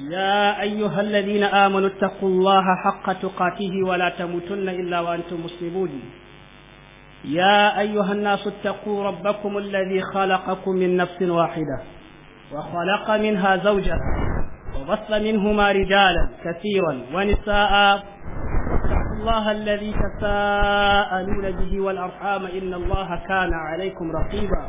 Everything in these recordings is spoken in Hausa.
يا أيها الذين آمنوا اتقوا الله حق تقاته ولا تموتن إلا وأنتم مسلمون يا أيها الناس اتقوا ربكم الذي خلقكم من نفس واحدة وخلق منها زوجة وبث منهما رجالا كثيرا ونساء اتقوا الله الذي تساءلون به والأرحام إن الله كان عليكم رقيبا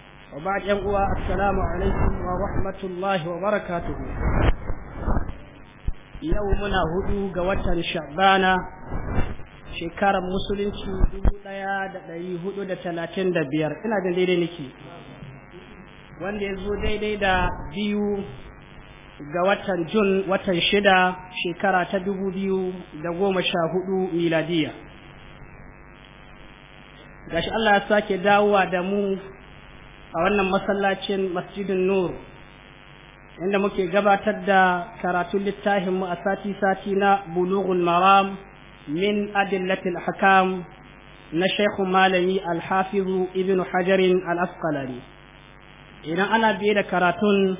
uwa, alaikum wa rahmatullahi wa ورحمة Yau muna huɗu ga watan شعبانا shekarar musulunci dubu ɗaya da ɗari hudu da talatin da biyar ina da daidai niki. wanda ya zo daidai da biyu ga watan jun watan shida shekara ta dubu biyu da goma sha hudu miladiya gashi Allah ya sake dawowa da mu a wannan masallacin masjidin nur inda muke gabatar da karatun littafinmu a sati-sati na bulughul maram min adillatil hakam na shaikhu malami alhafizu ibn hajarin al-asqalani idan ana biye da karatun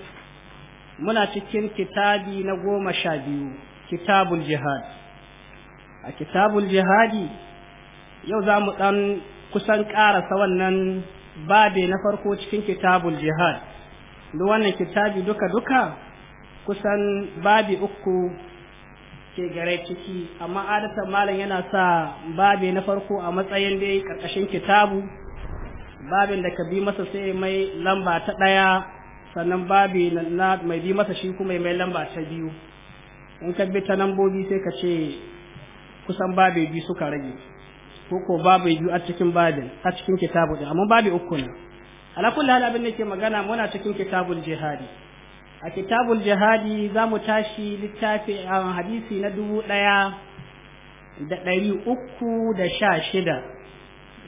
muna cikin kitabi na goma sha biyu kitabul jihad a kitabul jihadi yau za mu ɗan kusan ƙarasa wannan babe na farko cikin kitabul jihad duk wannan kitabi duka duka kusan babi uku ke gare ciki amma adatan malam yana sa babi na farko a matsayin dai karkashin kitabu babin da ka bi masa sai mai lamba ta ɗaya sannan babi na mai bi masa shi kuma mai lamba ta biyu in ka bi ta lambobi sai ka ce kusan babe biyu suka rage ko ko babu biyu a cikin babin a cikin kitabu din amma babu uku ne ala da hal abin nake magana muna cikin kitabul jihadi a kitabun jihadi za mu tashi littafi a hadisi na dubu ɗaya da ɗari uku da sha shida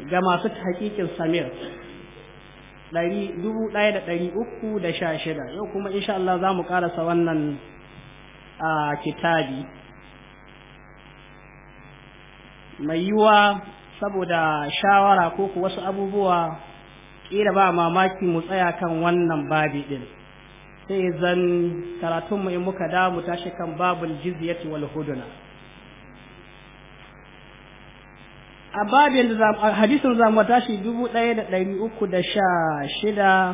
ga masu hakikin samir dubu ɗaya da ɗari uku da sha shida yau kuma insha Allah za mu ƙarasa wannan a kitabi mai yiwuwa saboda shawara ko ku wasu abubuwa kira ba mamaki mu tsaya kan wannan babi din sai zan karatun mu in muka da mu tashi kan babul jizyati wal huduna a babin da zamu hadisin zamu tashi 1316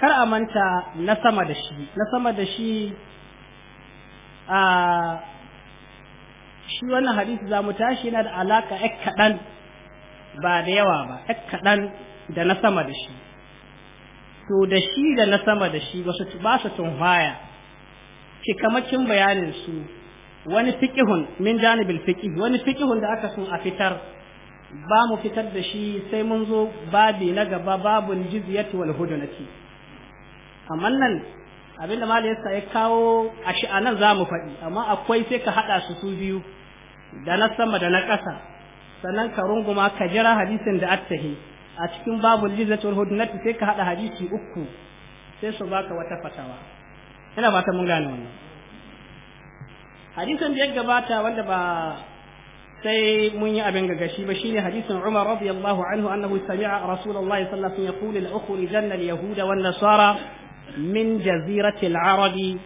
kar a manta na sama da shi na sama da shi a shi wannan hadisi za mu tashi yana da alaka ƴan kaɗan ba da yawa ba ƴan kaɗan da na sama da shi to da shi da na sama da shi wasu ba su tunhaya cikamakin bayanin su wani fikihun min janibil fiqih wani fikihun da aka sun a fitar ba mu fitar da shi sai mun zo babi na gaba babun jizyati wal hudunati amma nan abinda ya kawo a shi a nan za mu faɗi amma akwai sai ka haɗa su su biyu da na sama da na ƙasa sannan ka runguma ka jira hadisin da attahi a cikin babu lizatul hudnati sai ka hada hadisi uku sai su baka wata fatawa ina fata mun gane wannan hadisin da ya gabata wanda ba sai mun yi abin gagashi ba shine hadisin Umar radiyallahu anhu annahu sami'a Rasulullahi sallallahu alaihi wasallam yaqulu al-ukhrijanna al-yahuda wan-nasara min jazirati arabi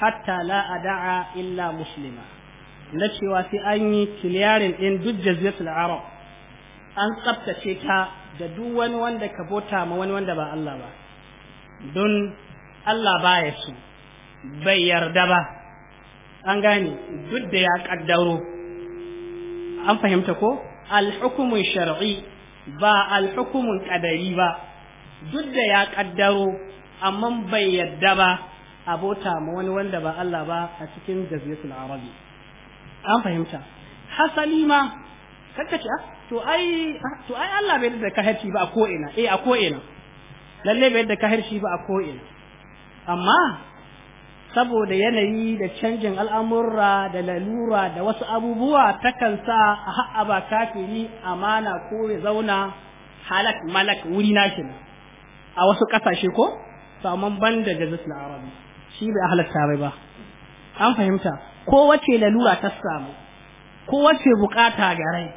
hatta la ada'a illa muslima na cewa sai an yi kiliyarin ɗin duk jaziratul arab an tsabtace ta da duk wani wanda ka bota ma wani wanda ba Allah ba don Allah baya su bai yarda ba an gane duk da ya kaddaro an fahimta ko alhukumun shar'i ba alhukumun kadari ba duk da ya kaddaro amma bai yarda ba abota ma wani wanda ba Allah ba a cikin jaziratul arabi an fahimta hasali ma kakkace ah, to ai to ai Allah bai da kahirci ba a ko ina eh a ko ina lalle bai da kahirci ba a ko ina amma saboda yanayi da canjin al'amurra da lalura da wasu abubuwa takan sa a haɓa kafiri amana ko ya zauna halak malak wuri nashi a wasu kasashe ko saman ban da jazis na arabi shi bai halatta bai ba an fahimta ko wace lalura ta samu ko wace bukata ga rai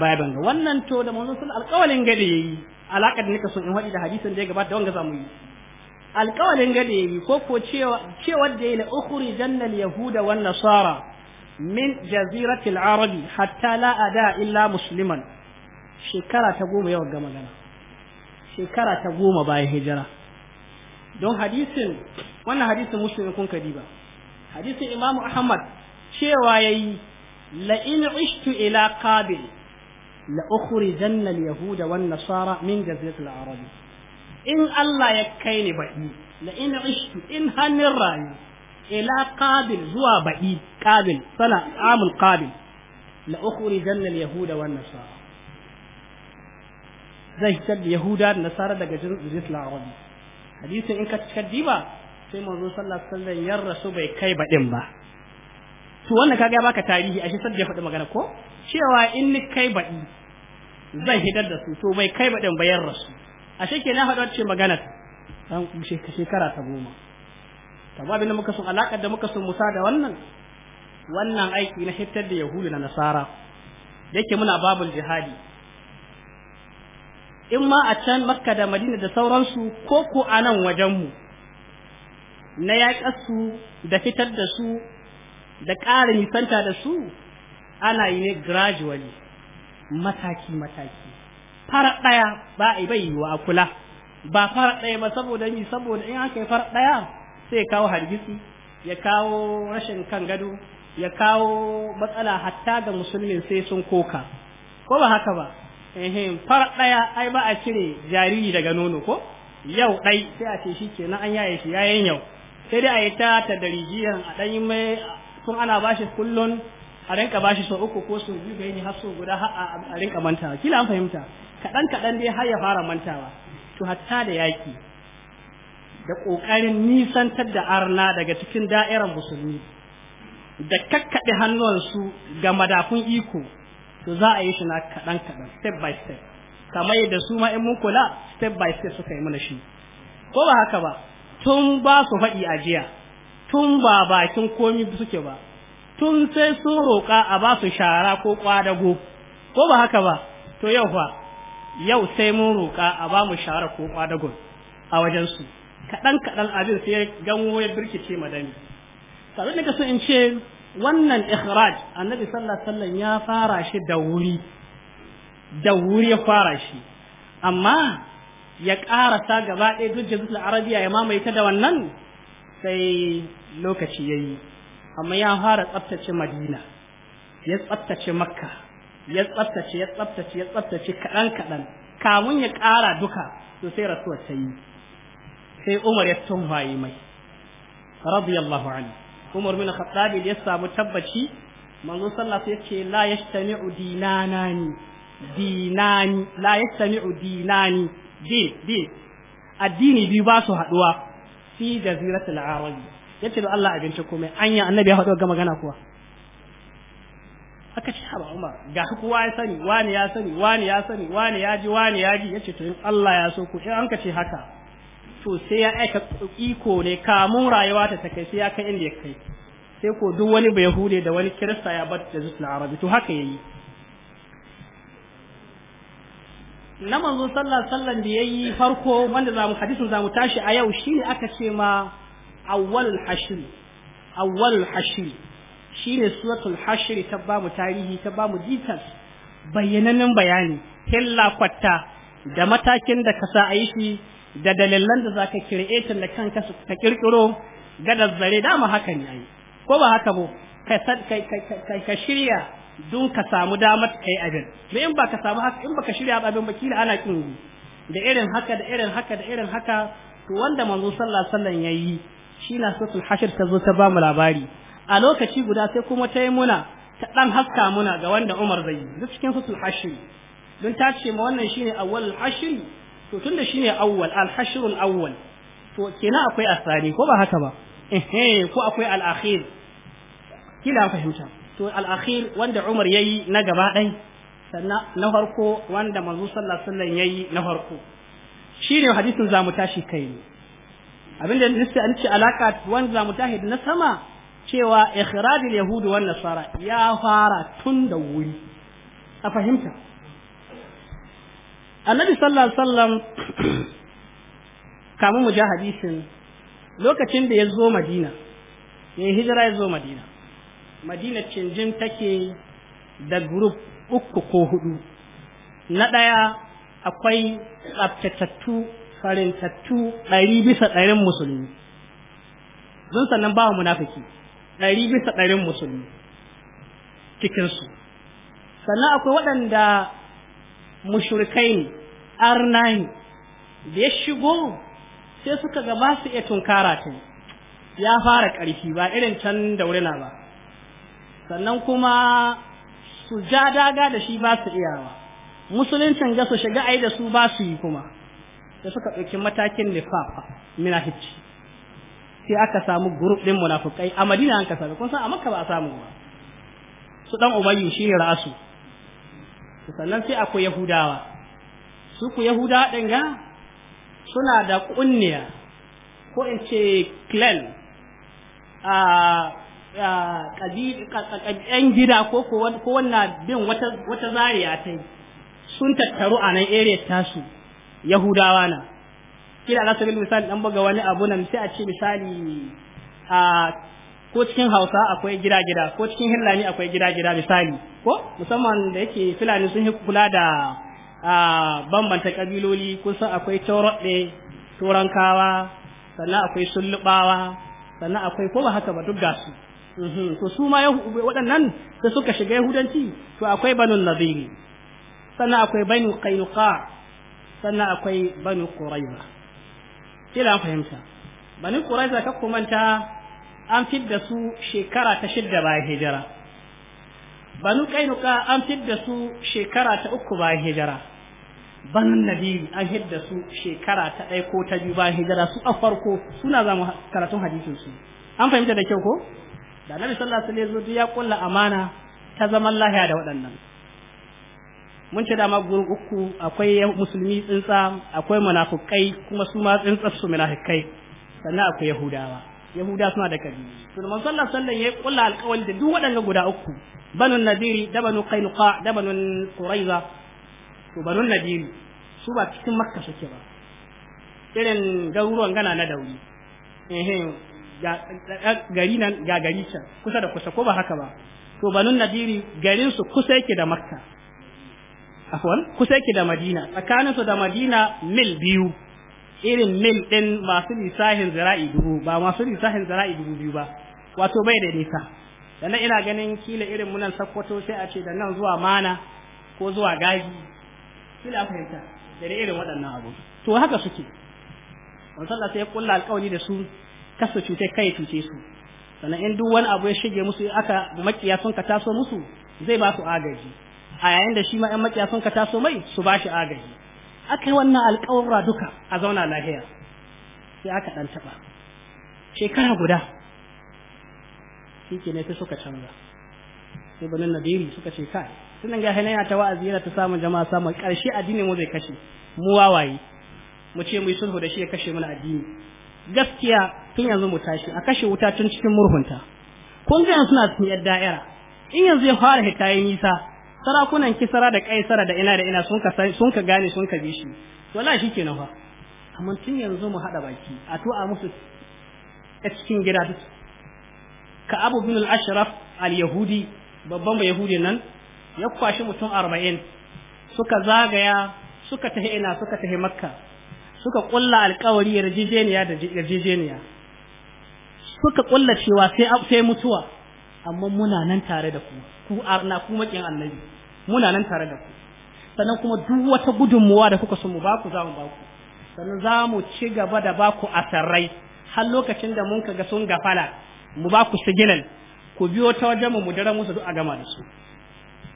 baya banga wannan to da manzon sun alƙawalin gade yayi alaƙar nika sun in waɗi da hadisin da ya gabata wanga zamu yi alƙawalin gade yayi ko ko cewa cewa da ya ukhri jannal yahuda wan nasara min jazirati al-arabi hatta la ada illa musliman shekara ta goma yawan ga magana shekara ta goma bayan hijira don hadisin wannan hadisin muslimin kun ba. hadisin imamu ahmad cewa yayi la in ishtu ila qabil la ukhrijanna al yahuda wan nasara min jazirati al in Allah ya kai ni baɗi la in ishtu in hannun rayu ila qabil zuwa baɗi qabil sana amul qabil la ukhrijanna al yahuda wan nasara zai fitar da yahuda da nasara daga jirgin al arab hadisin in ka diba sai manzo sallallahu alaihi wasallam yar rasu bai kai baɗin ba to wannan kaga ya baka tarihi ashe sai ya faɗi magana ko cewa in ni kai baɗi zan hidar da su to bai kai baɗin ba yar rasu ashe ke na faɗa ce magana dan shekara ta goma to abin da muka so alaƙar da muka so musa da wannan wannan aiki na hitar da yahudu na nasara yake muna babul jihadi in ma a can makka da madina da sauransu ko ko a nan wajenmu na yaƙarsu da fitar da su da ƙara nisanta da su ana yi ne gradually mataki-mataki fara ɗaya ba a bai yiwa a kula ba fara ɗaya ba saboda ni saboda in aka yi fara ɗaya sai ya kawo hargitsi ya kawo rashin kan gado ya kawo matsala hatta ga musulmin sai sun koka ko ba haka ba ehem fara ɗaya ai ba a cire jariri daga nono ko yau ɗai sai a ce shi kenan an yaye shi yayin yau sai dai a yi ta tadarijiyan a ɗanyi mai tun ana ba shi kullun a rinka shi sau uku ko sau biyu ga yi har sau guda a rinka mantawa kila an fahimta kaɗan kaɗan dai har ya fara mantawa to hatta da yaƙi da ƙoƙarin nisantar da arna daga cikin da'irar musulmi da kakkaɗe hannuwansu ga madafun iko to za a yi shi na kaɗan kaɗan step by step kamar yadda su ma in mun kula step by step suka yi mana shi ko ba haka ba tun ba su faɗi a jiya tun ba bakin komi suke ba tun sai sun roƙa a ba su shara ko ƙwadago ko ba haka ba to yau fa yau sai mun roƙa a ba mu shara ko ƙwadagon a wajensu kaɗan kaɗan abin sai ganwo ya birkice madami sabin da ka in ce wannan ikhraj annabi sallallahu ya fara shi da wuri da wuri ya fara shi amma ya karasa gaba ɗaya duk da zuwa arabiya ya mamaye ta da wannan sai lokaci ya yi amma ya fara tsabtace madina ya tsabtace makka ya tsabtace ya tsabtace ya tsabtace kaɗan kaɗan kamun ya ƙara duka to sai rasuwar ta yi sai umar ya tunhaye mai radiyallahu anhu umar bin khattab ya samu tabbaci manzo sallallahu alaihi wasallam yace la yastami'u dinanani dinani la yastami'u dinani Di di addini biyu ba su haduwa fi jaziratul arabi yace da Allah abinci komai anya annabi ya faɗo ga magana kuwa aka ce haba umma ga kowa ya sani wani ya sani wani ya sani wani ya ji wani ya ji yace to in Allah ya so ku in an ka ce haka to sai ya aika iko ne kamun rayuwa ta take kai sai ya kai inda ya kai sai ko duk wani bai hude da wani kirista ya bar jaziratul arabi to haka yayi na manzon sallah sallan da yayi farko wanda zamu hadisin mu tashi a yau shine aka ce ma awwal hashr awwal hashr shine suratul hashr ta ba mu tarihi ta ba mu details bayyananin bayani hilla kwatta da matakin da ka sa a yi shi da dalilan da zaka create da kanka ka kirkiro dazzare zare dama haka ne ai ko ba haka ba ka shirya don ka samu damar ka yi abin me in ba ka samu haka in ka shirya abin ba kila ana kin da irin haka da irin haka da irin haka to wanda manzo sallallahu alaihi wasallam yayi shi na suratul hashir ta zo ta ba mu labari a lokaci guda sai kuma ta yi muna ta dan haska muna ga wanda Umar zai yi duk cikin suratul hashir don ta ce ma wannan shine awwal hashir to tunda shine awwal al hashr al awwal to kenan akwai asani ko ba haka ba Ehe. ko akwai al akhir kila fahimta to al wanda Umar ya yi na gaba ɗai sannan na farko wanda manzo sallallahu alaihi wasallam yi na farko ne hadisin zamu tashi kai ne abinda nasi an ce alaka wanda zamu tashi na sama cewa ikhrajul Yahudu wan nasara ya fara tun da wuri a fahimta annabi sallallahu alaihi wasallam kamun mu ja hadisin lokacin da ya zo madina ya hijira ya zo madina madina cinjin take da group uku ko hudu na ɗaya akwai tsaftatattu farintattu ɗari bisa ɗarin musulmi Zan sannan ba munafiki ɗari bisa ɗarin musulmi cikinsu sannan akwai waɗanda mushrikai ne arna da ya shigo sai suka gaba su iya tunkara ta ya fara ƙarfi ba irin can da wurina ba sannan kuma su ja daga da shi ba su iyawa musuluncin ga su shiga ai da su ba su yi kuma da suka ɗauki matakin nifafa hicci sai aka samu grup ɗin munafukai a madina an ka sami kun a makka ba a samu ba su ɗan ubayyu shi ne ra'asu sannan sai akwai yahudawa su ku yahudawa ɗin ga suna da ƙunniya ko in ce clan a ƙabilan gida ko ko wannan bin wata zariya ta yi sun tattaru a nan area tasu yahudawa na kila ala sabil misali dan buga wani abu nan sai a ce misali a ko cikin hausa akwai gida-gida ko cikin Hillani akwai gida-gida misali ko musamman da yake fulani sun yi kula da bambanta kabiloli kusan akwai tauroɗe turankawa sannan akwai sullubawa sannan akwai ko ba haka ba duk gasu Mhm. to su ma waɗannan da suka shiga yahudanci to akwai banu nadiri sannan akwai banu qainuqa sannan akwai banu quraiza kila fahimta banu quraiza ka kumanta an fidda su shekara ta shidda bayan hijira banu qainuqa an fidda su shekara ta uku bayan hijira banu nadiri an fidda su shekara ta ɗaya ko ta biyu bayan hijira su a farko suna zamu karatun hadisin su an fahimta da kyau ko da nabi sallallahu alaihi wasallam ya kulla amana ta zaman lahiya da waɗannan mun ce dama gurin uku akwai musulmi tsintsa akwai munafukai kuma su ma tsintsa su munafukai sannan akwai yahudawa yahuda suna da kabi to man sallallahu sallan ya kulla alƙawari da duk waɗannan guda uku banu nadiri da banu qainuqa da banu quraiza to banu nadiri su ba cikin makka suke ba irin garuruwan gana na dauri gari nan ga gari can kusa da kusa ko ba haka ba to banun nadiri garin su kusa yake da makka afwan kusa yake da madina tsakaninsu da madina mil biyu irin mil din masu lisahin zira'i dubu ba masu lisahin zira'i dubu biyu ba wato bai da nisa sannan ina ganin kila irin munan sakkwato sai a ce da nan zuwa mana ko zuwa gaji kila fahimta da irin waɗannan abu to haka suke wanzan sai ya kulla alƙawari da su Kasa cutai kai cuce su sannan in duk wani abu ya shige musu aka makiya sun ka taso musu zai ba su agaji a yayin da shi ma 'yan makiya sun ka taso mai su ba shi agaji aka yi wannan alƙawarra duka a zauna lahiya sai aka ɗan taɓa shekara guda shi ne sai suka canza sai banin nadiri suka ce kai sunan ga yana ta wa'azi yana ta samun jama'a samun ƙarshe addinin mu zai kashe mu wawaye mu ce mu yi sulhu da shi ya kashe mana addini gaskiya tun yanzu mu tashi a kashe wuta tun cikin murhunta kun ga suna cikin yar da'ira in yanzu ya fara hita yi nisa sarakunan kisara da kaisara da ina da ina sun ka sun ka gane sun ka bi shi wallahi shikenan fa amma tun yanzu mu hada baki a to a musu a cikin gida ka abu bin al-ashraf al-yahudi babban ba yahudi nan ya kwashi mutum arba'in suka zagaya suka tahi ina suka tahi makka suka kulla alkawari yarjejeniya da yarjejeniya suka ƙulla cewa sai sai mutuwa amma muna nan tare da ku ku arna ku makin annabi muna nan tare da ku sannan kuma duk wata gudunmuwa da kuka so mu baku za mu baku sannan za mu ci gaba da baku asarrai har lokacin da mun kaga sun gafala mu baku signal ku biyo ta wajen mu mu musu duk a gama da su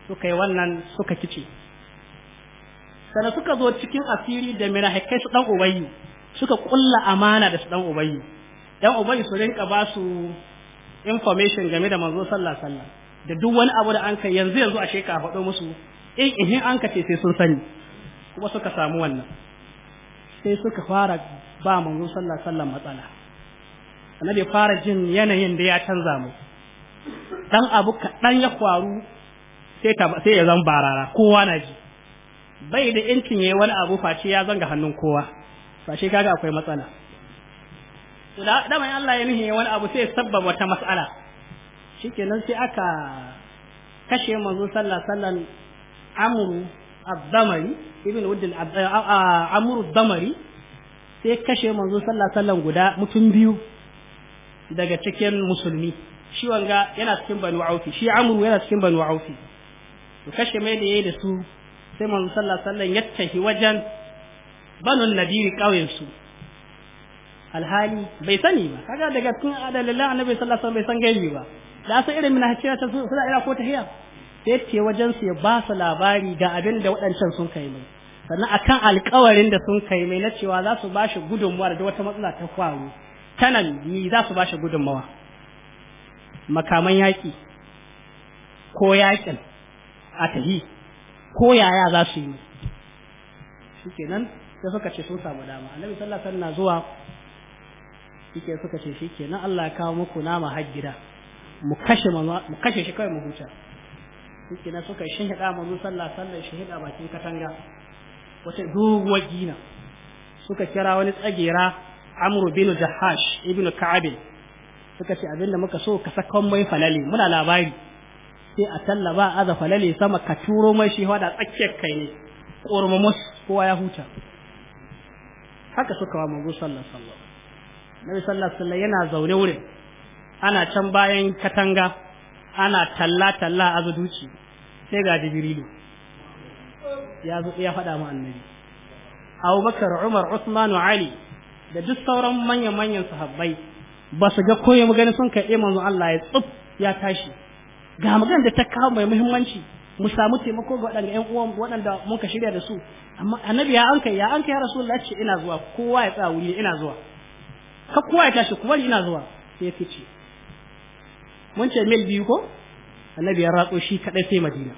suka yi wannan suka kice sannan suka zo cikin asiri da mirahakai su dan ubayyu suka kulla amana da su dan ubayyu yan uba su rinka ba su information game da manzo sallah sallah da duk wani abu da an kai yanzu yanzu a ka faɗo musu in ihin an ka ce sai sun sani kuma suka samu wannan sai suka fara ba manzo sallah sallah matsala annabi fara jin yanayin da ya canza mu dan abu kaɗan ya kwaru sai sai ya zan barara kowa na ji bai da incin yayi wani abu face ya zanga hannun kowa face kaga akwai matsala to da daman Allah ya nihi wani abu sai sabba wata mas'ala shikenan sai aka kashe manzo sallallahu sallan amru ad-damari ibn wudd amru ad-damari sai kashe manzo sallallahu sallan guda mutum biyu daga cikin musulmi shi wanga yana cikin banu aufi shi amru yana cikin banu aufi to kashe mai da yayi da su sai manzo sallallahu sallan ya tahi wajen banu nadiri kauyen su alhali bai sani ba kaga daga cikin adalilla annabi sallallahu alaihi wasallam bai san gaibi ba da san irin mina cewa ta sai ila ko tahiya sai ce wajen su ya ba su labari ga abin da waɗancan sun kai mai sannan akan alƙawarin da sun kai mai na cewa za su ba shi gudunmuwa da wata matsala ta kwaro tanan ni za su ba shi gudunmuwa makaman yaƙi ko yaƙin a tahi ko yaya za su yi shikenan sai suka ce sun samu dama annabi sallallahu alaihi wasallam na zuwa shike suka ce shike nan Allah ya kawo muku nama har gida mu kashe mu kashe shi kawai mu huta shike na suka shahida manzo sallah sallah shahida bakin katanga wata doguwar gina suka kira wani tsagera Amr bin Jahash ibn Ka'ab suka ce abinda muka so ka sakon mai falale muna labari sai a tallaba aza falale sama ka turo mai shi da tsakiyar kai ne ƙormamus kowa ya huta haka suka wa manzo sallallahu alaihi nabi sallallahu alaihi wasallam yana zaune wurin ana can bayan katanga ana talla talla a zuci sai ga jibrilu ya zo ya faɗa mu annabi Bakar umar Uthman ali da duk sauran manyan manyan sahabbai ba su ga koyi magana sun kai manzo Allah ya tsuf ya tashi ga magana da ta kawo mai muhimmanci mu samu taimako ga waɗanda ƴan uwan waɗanda muka shirya da su amma annabi ya anka ya anka ya rasulullahi ina zuwa kowa ya tsaya wuri ina zuwa ka kowa ya tashi kuma ina zuwa sai ya fice mun ce mil biyu ko annabi ya ratso shi kadai sai madina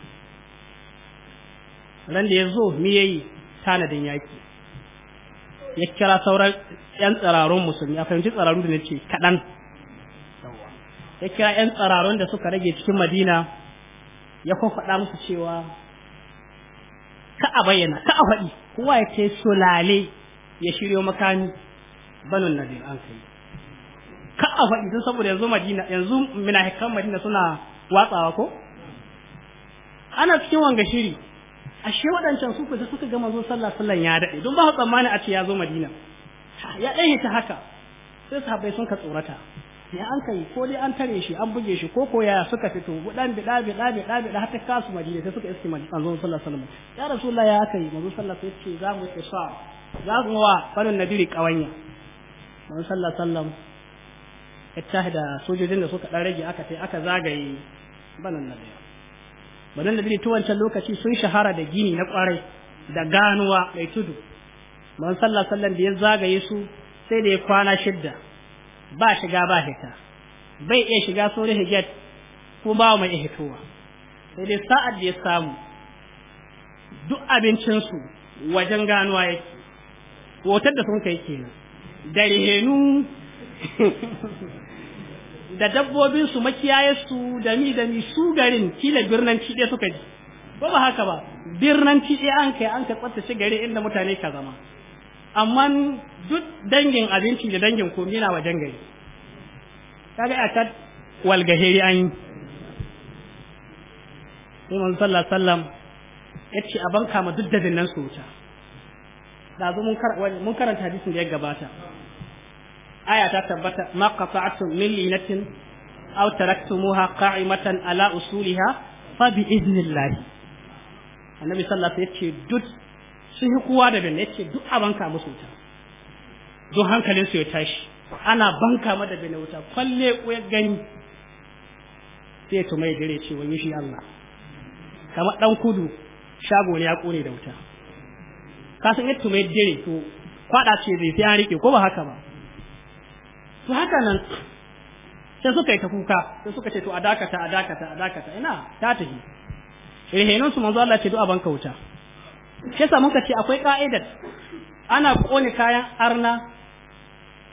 ran da ya zo mi yayi tanadin yaki ya kira sauran yan tsararun musulmi a fahimci tsararun da nace kadan ya kira yan tsararun da suka rage cikin madina ya kwafaɗa musu cewa ka a bayyana ka a faɗi kowa ya ce sulale ya shiryo makami banin nadir an kai ka a faɗi don saboda yanzu madina yanzu minahikan madina suna watsawa ko ana cikin wanga shiri ashe waɗancan su da suka gama zo sallah sallan ya daɗe don ba su tsammani a ce ya zo madina ya ɗaya ta haka sai sahabbai sun ka tsorata ya an kai ko dai an tare shi an buge shi ko koya suka fito ɗan bi dabi dabi dabi da ta kasu madina sai suka iske madina manzon sallallahu alaihi wasallam ya rasulullah ya kai yi sallallahu sallah, sai ce za mu sa za mu wa farin nadiri ƙawanya mun sallah sallam ittah da sojojin da suka dan rage aka sai aka zagaye banan nabi banan nabi to wancan lokaci sun shahara da gini na kwarai da ganuwa mai tudu man sallah sallam da ya zagaye su sai da ya kwana shidda ba shiga ba hita bai iya shiga sore hijat ko ba mai hitowa sai da sa'ad da ya samu duk abincinsu wajen ganuwa yake hotar da sun kai kenan da rihenu da dabbobin su makiyayensu da mi da mi su garin kila birnan ci suka ji ba ba haka ba birnan ci an kai an ka tsaftace gari inda mutane ka zama amma duk dangin abinci da dangin komi na wajen gari kaga a ta walgaheri an yi sallallahu alaihi wasallam yace a banka ma duk da dinnan su wuta zo mun karanta hadisin da ya gabata aya ta tabbata ma qata'tum min linatin aw taraktumuha qa'imatan ala usuliha fa bi idnillah annabi sallallahu alaihi wasallam yace duk sun yi kuwa da bin yace duk a banka musu ta. don hankalin su ya tashi ana banka mada bin wuta kwalle ko ya gani sai to mai dare ce wani shi Allah kamar dan kudu shago ne ya kone da wuta ka san yadda mai dire to kwada ce zai sai an rike ko ba haka ba to haka nan sai suka yi ta kuka sai suka ce to a dakata a dakata a dakata ina ta tafi rehenon su manzo Allah ce du'a ban kauta sai sa muka ce akwai ka'idar ana kone kayan arna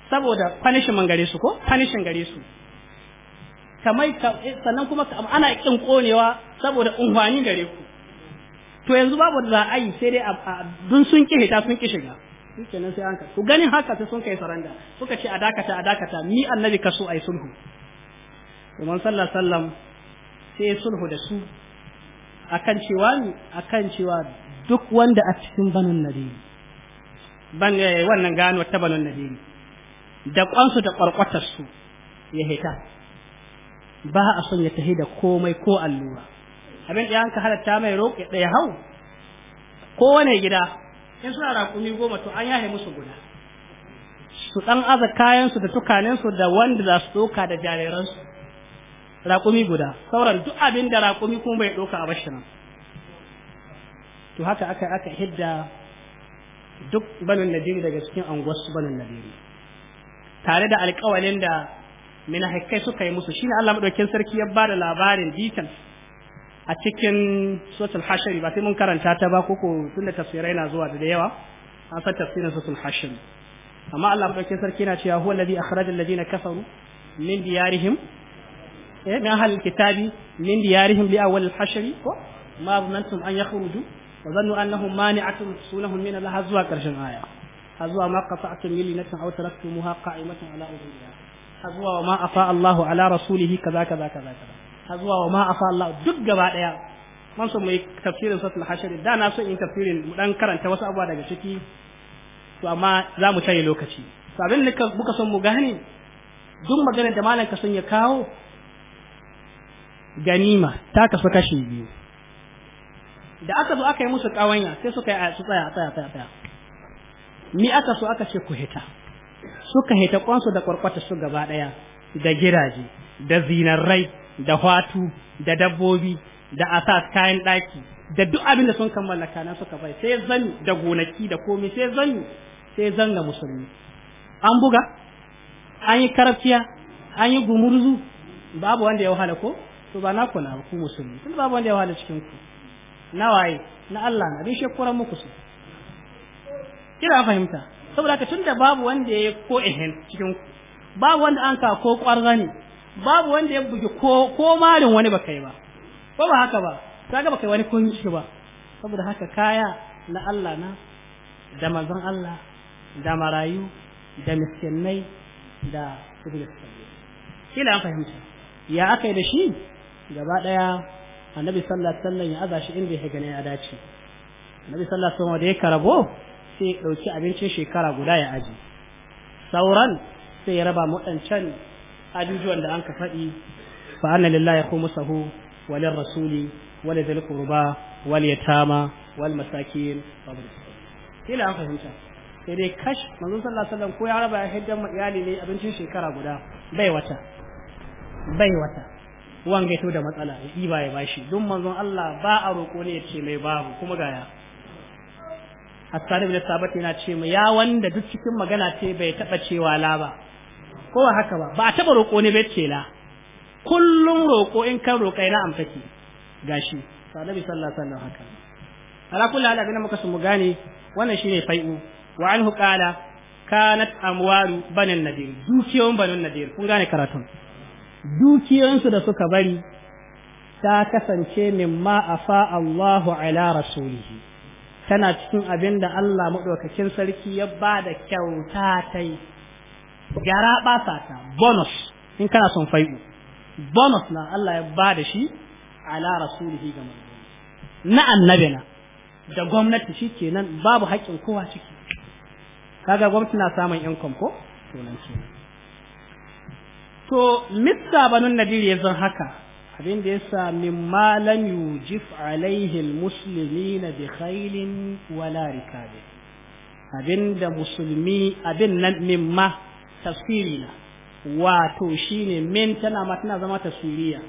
saboda punishment gare su ko punishment gare su kamar eh, sannan kuma ana kin konewa saboda unhwani gare ku to yanzu babu da za sai dai dun sun ki hita sun ki shiga nan sai an ka to ganin haka sai sun kai saranda suka ce a dakata a dakata ni annabi ka so ai sulhu man sallallahu sallam sai sulhu da su akan cewa ni akan cewa duk wanda a cikin banan nadiri ban eh, wannan gano ta banun nadiri da kwansu da kwarkwatar su ya hita ba a son ya tahi da komai ko allura abin da yanka halatta mai roƙe ɗaya hau kowane gida in suna raƙumi goma to an yahe musu guda su ɗan aza kayansu da tukaninsu da wanda za su ɗauka da jariransu raƙumi guda sauran duk abin da raƙumi kuma bai ɗauka a bashi nan to haka aka aka hidda duk banin nadiri daga cikin anguwarsu banin nadiri tare da alƙawalin da hakkai suka yi musu shine Allah madaukin sarki ya bada labarin details a cikin suratul hashari ba sai mun karanta ta ba koko tunda tafsirai na zuwa da yawa an san tafsirin suratul hashari amma Allah madaukakin sarki na cewa huwa alladhi akhraja alladhina kafaru min diyarihim eh min min diyarihim li awwal ko ma an yakhruju wa annahum mani'atun sunahum min Allah zuwa karshen aya ma qata'tum millatan aw taraktumuha qa'imatan ala ma afa Allahu ala rasulihi kaza kaza kaza kaza har zuwa wa ma afa Allah duk gaba daya man so mu yi tafsirin suratul hashr da na so in tafsirin mu dan karanta wasu abubuwa daga ciki to amma za mu tsaye lokaci to abin da muka son mu gane duk maganar da malam ka son ya kawo ganima ta kasu kashi biyu da aka zo aka yi musu kawanya sai suka yi su tsaya tsaya tsaya tsaya ni aka so aka ce ku hita suka hita kwansu da kwarkwata su gaba daya da giraje da rai. da hwatu da dabbobi da asas kayan daki da duk abin da sun kammala kana suka bai sai zani da gonaki da komai sai zani sai zanga musulmi an buga an yi karafiya an yi gumurzu babu wanda ya wahala ko to ba naku na ku musulmi tun babu wanda ya wahala cikin ku na waye na Allah na bi kuran muku su kira fahimta saboda ka tunda babu wanda ya ko ehen cikin ku babu wanda an ka ko kwarzani babu wanda ya buge ko ko wani ba kai ba ko ba haka ba kaga baka yi wani kun shi ba saboda haka kaya na Allah na da mazan Allah da marayu da miskinai da sibilis kila an fahimta ya aka yi da shi gaba daya annabi sallallahu alaihi wasallam ya aza shi inda ya gane ya dace annabi sallallahu alaihi wasallam da ya karabo sai ya dauki abincin shekara guda ya aji sauran sai ya raba mu can. ajujuwan da an ka faɗi fa anna lillahi khumsuhu wa lirrasuli wa dhil qurba wal yatama wal masakin ila an fahimta sai dai kash manzon sallallahu alaihi wasallam ko ya raba ya hiddan iyali ne abincin shekara guda bai wata bai wata wanga to da matsala Yi ba ya bashi don manzon Allah ba a roko ne ya mai babu kuma gaya Hassan ibn Sabit yana ce mu ya wanda duk cikin magana ce bai taba cewa la ba ko ba haka ba ba a taba roƙo ne bai la kullum roƙo in kan roƙa ina amfaki gashi sa nabi sallallahu alaihi wasallam haka ala kullu hal abinda muka su mu gane wannan shine fai'u wa anhu qala kanat amwaru banin nadir dukiyoyin banin nadir kun gane karatun dukiyoyinsu da suka bari ta kasance ma afa Allahu ala rasulihi tana cikin abin da Allah maɗaukakin sarki ya ba da kyauta ta yi gyara ɓasa ta bonus in kana son fai'u bonus na Allah ya ba da shi ala rasulihi ga manzo na na da gwamnati shi kenan babu haƙƙin kowa ciki kaga gwamnati na samun income ko to nan ce to mista banun nadir ya zan haka abin da yasa min ma yujif alaihi almuslimin bi khailin wala rikabin abin da musulmi abin nan mimma tafsiri na wato shine min tana ma tana zama taswiriya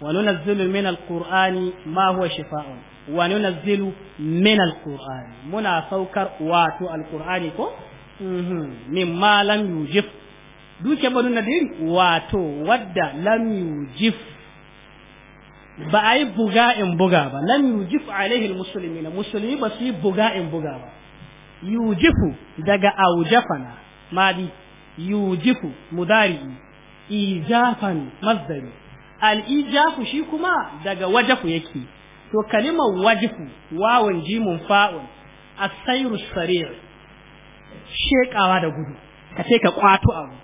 wa nunazzilu min alqur'ani ma huwa shifaa'un wa nunazzilu min alqur'ani muna saukar wato alqur'ani ko mhm. min ma lam yujif duke banu nadir wato wadda lam yujif ba a buga in buga ba lam yujif alaihi musulmi na ba su yi buga in buga ba yujifu daga aujafana madi yujifu mudari ijafan mazari. al-ijafu shi kuma daga wajafu yake to kalimar wajifu wawan jimun fa'un asairu sarir shekawa da gudu ka ce ka kwato abu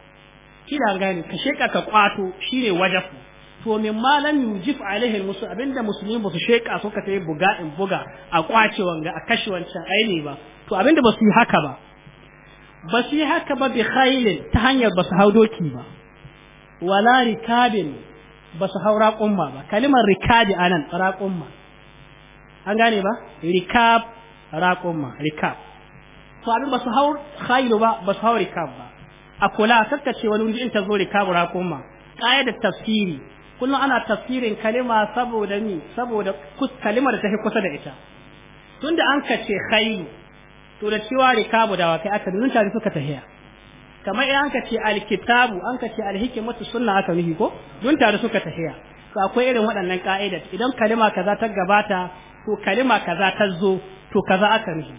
kina gani ka sheka ka kwato shine wajafu to min malam yujif alaihi musu abinda musulmi ba su sheka suka ta buga in buga a kwace a kashe wancan aini ba to abinda ba su yi haka ba ba shi haka ba bi khailin ta hanyar ba su hau doki ba wala rikabin ba su hau raƙumma ba kalimar rikabi anan raƙumma an gane ba rikab raƙumma rikab to abin ba su hau khailu ba ba su hau rikab ba a kula kakka ce wani wuri ta zo rikabu raƙumma da tafsiri kullum ana tafsirin kalima saboda ni saboda kalimar da ta fi kusa da ita tunda an ka ce to da cewa rikabu da wakai aka nuna tare suka tahiya kamar in ka ce alkitabu an ka ce alhikimatu sunna aka nufi ko don tare suka tahiya to akwai irin waɗannan ka'ida idan kalima kaza ta gabata to kalima kaza ta zo to kaza aka nufi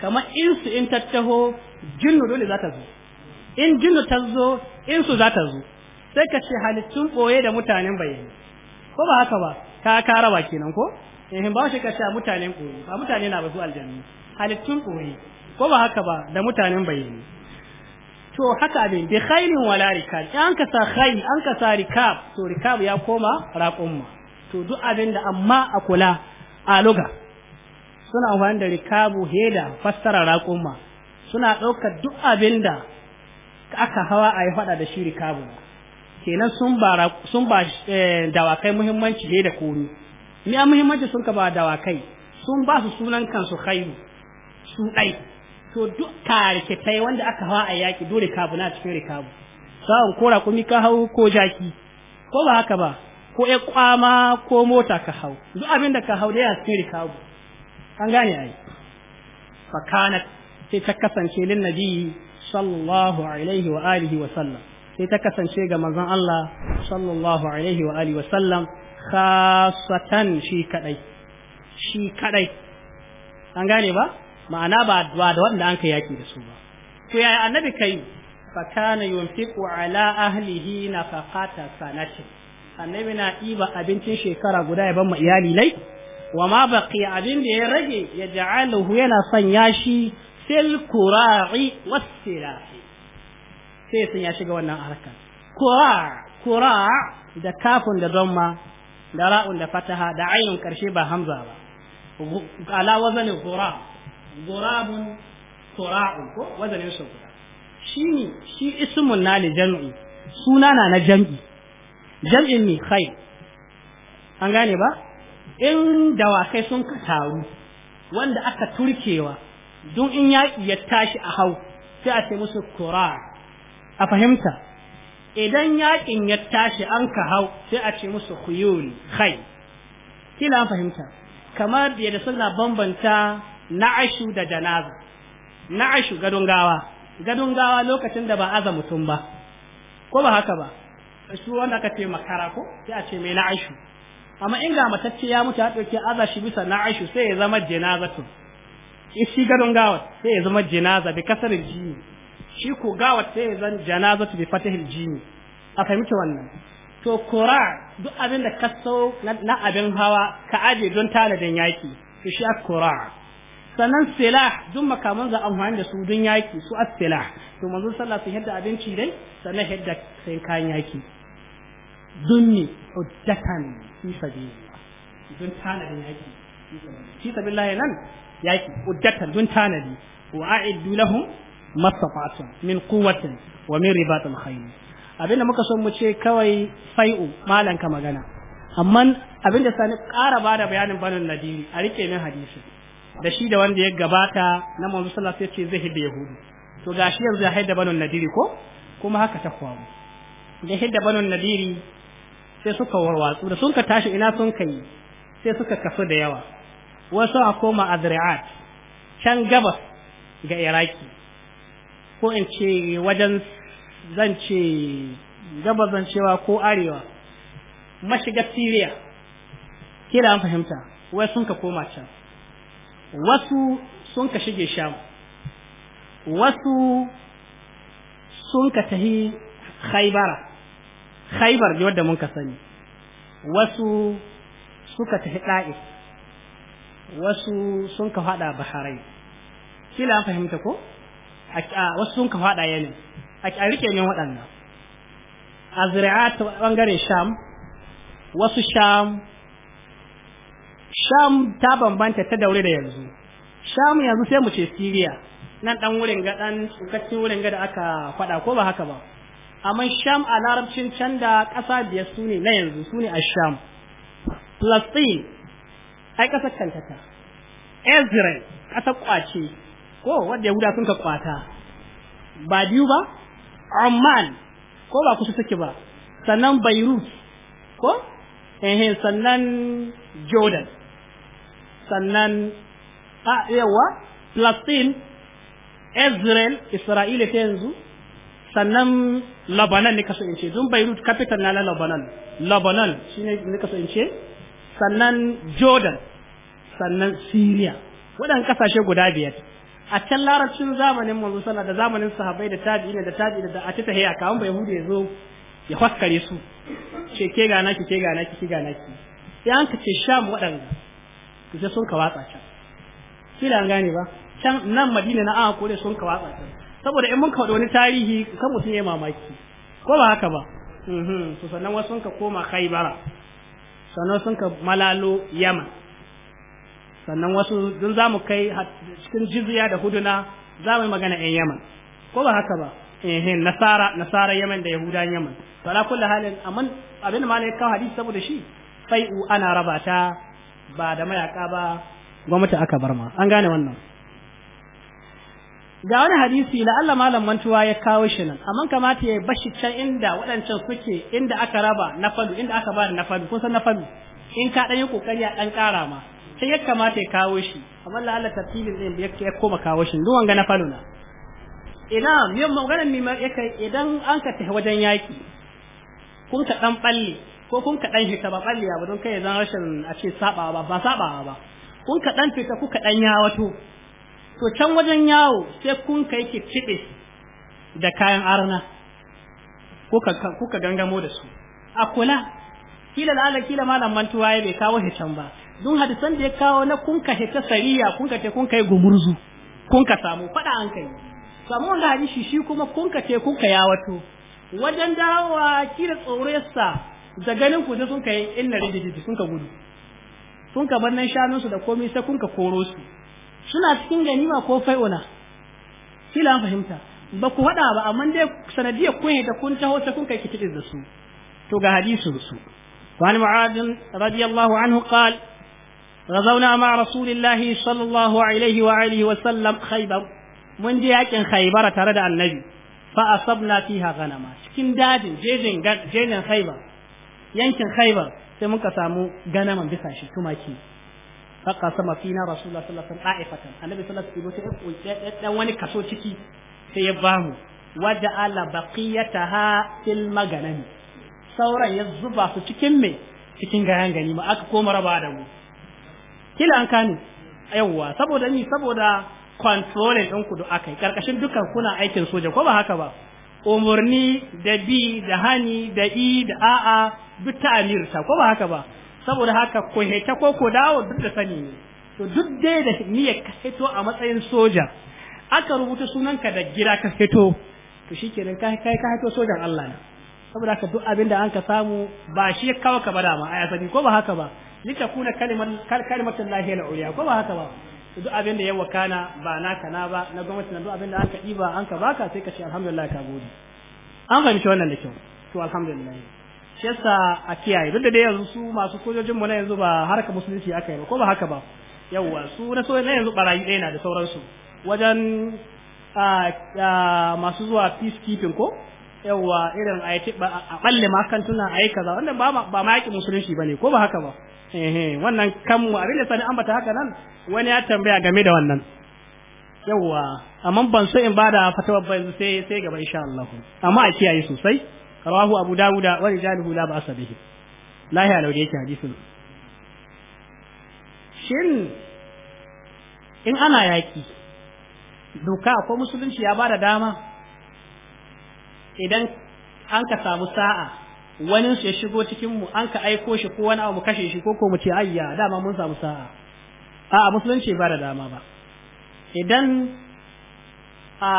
kamar in su in taho jinnu dole za ta zo in jinnu ta zo in su za ta zo sai ka ce halittun ɓoye da mutanen bayani ko ba haka ba ka kara kenan ko in ba shi ka ce mutanen ɓoye ba mutane na ba zuwa aljannu halittun ƙori ko ba haka ba da mutanen bayani to haka abin bi khairin wala rikab an kasa sa an kasa rikab to rikab ya koma raqumma to duk abin da amma a kula a luga suna amfani da rikabu heda fassara raqumma suna ɗaukar duk abin da aka hawa a yi faɗa da shi rikabu kenan sun ba sun ba eh, dawakai muhimmanci heda da ni, ni a muhimmanci sun ka ba dawakai sun ba su sunan kansu khairu su ɗai to duk tai wanda aka hawa a yaƙi dole kabu na cikin rikabu sa'on ko raƙumi ka hau ko jaki ko ba haka ba ko ya kwama ko mota ka hau duk abin da ka hau da ya cikin rikabu an gane ai fakanat sai ta kasance lin nabi sallallahu alaihi wa alihi wa sallam sai ta kasance ga manzon Allah sallallahu alaihi wa alihi wa sallam khasatan shi kadai shi kadai an gane ba ma'ana ba addu'a da wanda an ka yaki da su ba to yaya annabi kai fa kana yunfiqu ala ahlihi nafaqata sanati annabi na ɗiba abincin shekara guda ya bamma iyali lai wa ma baqi abin da ya rage ya ja'aluhu yana sanya shi fil qura'i wasilahi sai sun ya shiga wannan harkar qura qura da kafun da damma da ra'un da fataha da ainun karshe ba hamza ba ala wazanin qura gurabun tura'un ko wazanin su guda shi ne shi ismun na li jam'i suna na na jam'i jam'in ne khair an gane ba in dawakai sun ka taru wanda aka turkewa don in yaƙi ya tashi a hau sai a ce musu kura a fahimta idan yaƙin ya tashi an ka hau sai a ce musu khuyul khai kila an fahimta kamar da yadda suna bambanta na'ashu da janaza na'ashu gadon gawa gadon gawa lokacin da ba aza mutum ba ko ba haka ba shi wanda aka ce makara ko sai a ce mai na'ashu amma in ga matacce ya mutu ya ɗauki aza shi bisa na'ashu sai ya zama janazatun shi gadon gawa sai ya zama janaza bi kasarin jini shi ko gawa sai ya zama janazatu bi fatihil jini a fahimci wannan to kora duk abin da ka sau na abin hawa ka aje don tanadin yaki to shi kora sannan silah duk makaman za amfani da su dun yaki su as silah to manzon sallah sun yadda abinci dai sannan yadda sai kayan yaki dunni hujjatan fi sabilillah dun tanadin yaki fi sabilillah nan yaki hujjatan dun tanadi wa a'iddu lahum mastata'tum min quwwatin wa min ribatil khayl abinda muka so mu ce kawai fai'u malan ka magana amma abinda sani ƙara ba da bayanin banin nadiri a rike min hadisi da shi da wanda ya gabata na manzo sallallahu alaihi wasallam zai hidda yahudu to gashi yanzu ya haida banun nadiri ko kuma haka ta kwamu da hidda banun nadiri sai suka warwatsu da sun ka tashi ina sun kai sai suka kasu da yawa wasu a koma azri'at can gabas ga iraki ko in ce wajen zan ce gabas zan ko arewa mashigar siriya kila an fahimta wai sun ka koma can wasu sun ka shige sham wasu sun ka tahi khaybar khaybar ne wadda mun ka sani wasu suka tahi ɗa'if wasu sun ka fada baharai kila an fahimta ko A wasu sun ka fada yanin a rike ne waɗannan a zuri'a ta ɓangaren sham wasu sham sham ta bambanta ta daure da yanzu sham yanzu sai mu ce siriya, nan dan wurin ga dan tsukacin wurin ga da aka faɗa ko ba haka ba amma sham a larabcin can da ƙasa biyar su na yanzu su a sham palestine ai ƙasar kanta ta israel ƙasar kwace ko wanda yahuda sun ka kwata ba biyu ba amman ko ba kusa take ba sannan beirut ko eh sannan jordan sannan a yawa plastin Israel Isra'ila ta yanzu sannan Labanan ne kasu in ce don Beirut capital na Labanan, Labanan shi ne kasu in ce sannan Jordan sannan Syria waɗannan kasashe guda biyar a can larabcin zamanin manzo sallah da zamanin sahabbai da tabi'ina da tabi'ina da a ta tahiya kawun bai hude zo ya faskare su ce ke ga naki ke ga naki ke ga naki sai an ce sham waɗanda to sai sun ka watsa can kila gane ba can nan madina na aka kore sun ka watsa can saboda in mun kawo wani tarihi kan mutum ya mamaki ko ba haka ba su mhm. sannan wasu sun ka koma khaibara sannan sun ka malalo yaman sannan wasu don za mu kai cikin jizya da huduna za mu yi magana yan yaman ko ba haka ba eh nasara nasara yaman da yahudan yaman to ala kulli halin amma abin ma ne kawo hadisi saboda shi fai'u ana rabata. ba da mayaka ba gwamnati aka bar ma an gane wannan ga wani hadisi la Allah malam mantuwa ya kawo shi nan amma kamata ya bashi can inda waɗancan suke inda aka raba na falu inda aka bada na falu kun san na falu in ka dan yi kokari a dan kara ma sai ya kamata ya kawo shi amma la Allah tafsirin din ya koma kawo shi duk wanga na falu na ina miyan magana mi yake idan an ka tafi wajen yaki kun ka dan balle ko kun kaɗan hita ba ɓalliya ba don kai zan rashin a ce saɓawa ba ba saɓawa ba kun kaɗan fita ku kaɗan yawato to can wajen yawo sai kun kai ki tiɓe da kayan arna kuka gangamo da su a kula kila la'ala kila malam mantuwa ya bai kawo hitan ba don hadisan da ya kawo na kun ka hita sariya kun ka te kun kai gumurzu kun ka samu faɗa an kai samu wanda hadisi shi kuma kun ka te kun ka yawato wajen dawowa kila tsoro yasa da ganin ku sun kai illa rijiji sun ka gudu sun ka bar nan shanun su da komai sai kun ka koro su suna cikin ganima ko fai'una kila fahimta ba ku faɗa ba amma dai sanadiyar kun da kun taho sai kun kai kitidin da su to ga hadisin su وعن معاذ رضي الله ma rasulillahi sallallahu alaihi wa الله wa sallam عليه mun je yakin من tare da annabi fa فأصبنا فيها غنما سكن داد جيجن, جيجن خيبر yankin khaibar sai muka samu ganaman bisa shi tumaki haka sama fina rasulullah sallallahu alaihi wasallam annabi sallallahu alaihi wasallam dan wani kaso ciki sai ya bamu ala baqiyataha fil maganami sauran ya zuba su cikin me cikin gayan gani ma aka koma raba da mu kila an kani yawwa saboda ni saboda controlling ɗinku da aka yi karkashin dukan kuna aikin soja ko ba haka ba umarni da bi da hani da i da a'a duk ta amirta ko ba haka ba saboda haka ko heta ko ko dawo duk da sani ne to duk dai da niyyar ka hito a matsayin soja aka rubuta sunanka da gira ka hito to shikenan kai kai ka heto sojan Allah ne saboda haka duk abin da an ka samu ba shi kawo ka ba dama a sani ko ba haka ba litakuna kalimatu kalimatullahi al-ulya ko ba haka ba duk abin da ya wakana ba naka na ba na gwamnati na duk abin da an ka ɗiba an ka baka sai ka ce alhamdulillah ka gode an fahimci wannan da kyau to alhamdulillah shi yasa a kiyaye duk da dai yanzu su masu sojojin mu na yanzu ba harka musulunci aka yi ba ko ba haka ba yawwa su na so na yanzu barayi ɗaya na da sauransu wajen masu zuwa peacekeeping ko yawa irin a yi a ɓalle ma kan tuna a yi kaza wannan ba ba ma yaki musulunci ba ne ko ba haka ba wannan kanmu abin da sani an bata haka nan wani ya tambaya game da wannan yawa amma ban so in bada fatawar ba yanzu sai sai gaba insha Allah amma a kiyaye sosai rawahu abu dawuda wa rijaluhu la ba'sa bihi lahi alaude yake hadisin shin in ana yaki doka ko musulunci ya bada dama idan an ka samu sa'a wani su ya shigo cikin mu an ka aiko shi ko wani abu mu kashe shi ko ko mu ce ayya dama mun samu sa'a a musulunci ba da dama ba idan a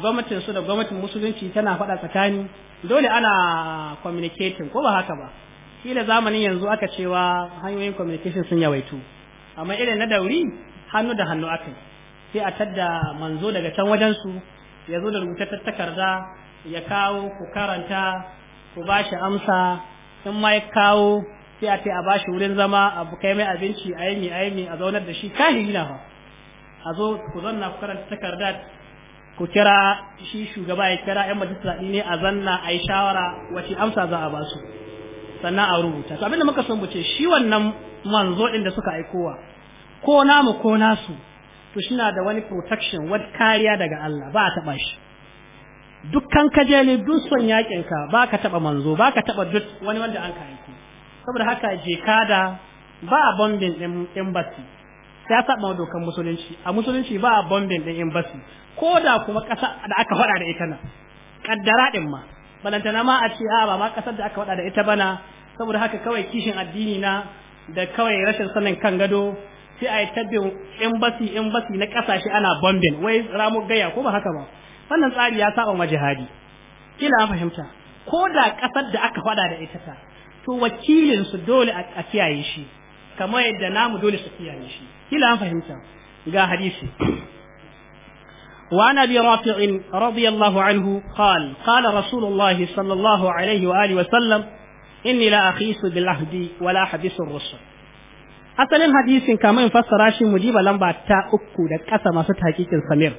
gwamnatin su da gwamnatin musulunci tana faɗa tsakani dole ana communicating ko ba haka ba kila zamanin yanzu aka cewa hanyoyin communication sun yawaitu amma irin na dauri hannu da hannu aka sai a tadda manzo daga can wajen su ya zo da rubutattun takarda ya kawo ku karanta ku ba shi amsa in ma ya kawo sai a ce a ba shi wurin zama a kai mai abinci a yi a yi a zaunar da shi kahiri na fa a zo ku zanna ku karanta takardar ku kira shi shugaba ya kira yan majalisa ne a zanna a yi shawara wace amsa za a ba su sannan a rubuta to abinda muka son mu ce shi wannan manzo din da suka aikowa ko namu ko nasu to shi na da wani protection wani kariya daga Allah ba a taɓa shi dukkan kajeli duk son yakin ka ka taba manzo ka taba duk wani wanda an ka aiki saboda haka je kada ba a bombin din embassy ya saba dokan musulunci a musulunci ba a din embassy ko da kuma kasa da aka fada da ita na kaddara din ma na ma a ce a ba ma kasar da aka fada da ita bana saboda haka kawai kishin addini na da kawai rashin sanin kan gado sai a yi tabbin embassy embassy na kasashe ana bombing wai ramu gaya ko ba haka ba wannan tsari ya saba ma jihadi kila fahimta ko da kasar da aka fada da ita ta to wakilin su dole a kiyaye shi kamar yadda namu dole su kiyaye shi kila fahimta ga hadisi وعن ابي رافع رضي الله عنه قال قال رسول الله صلى الله عليه واله وسلم اني لا اخيس بالعهد ولا احبس الرسل asalin hadisin kamar in fassara shi mu diba lamba ta uku da ƙasa masu takikin samir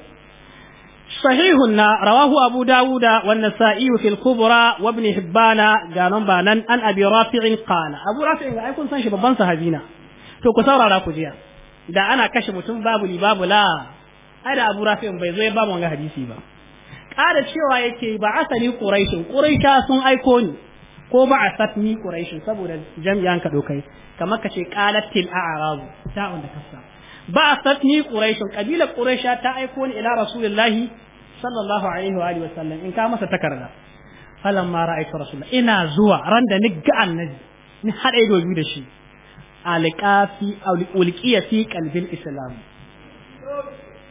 sahihun na rawahu abu dawuda wa nasa'i fil kubra wa ibn hibbana ga nan ba nan an abi rafi'in qala abu rafi'in ai kun san shi babban sahabina to ku saurara ku jiya da ana kashe mutum babu li babu la ai da abu rafi'in bai zo ya ba mu wanga hadisi ba kada cewa yake ba asali quraishin quraisha sun aiko ni ko ba a ni quraishin saboda jam'iyan ka dokai kamar kace qalatil a'rab ta'un da kasa ba a satni quraishun Ƙabilar quraisha ta aiko ni ila rasulullahi sallallahu alaihi wa alihi wasallam in ka masa takarda falamma ra'aytu rasulullah ina zuwa ran da ni ga annabi ni hada ido biyu da shi alqafi ulqiya fi qalbil islam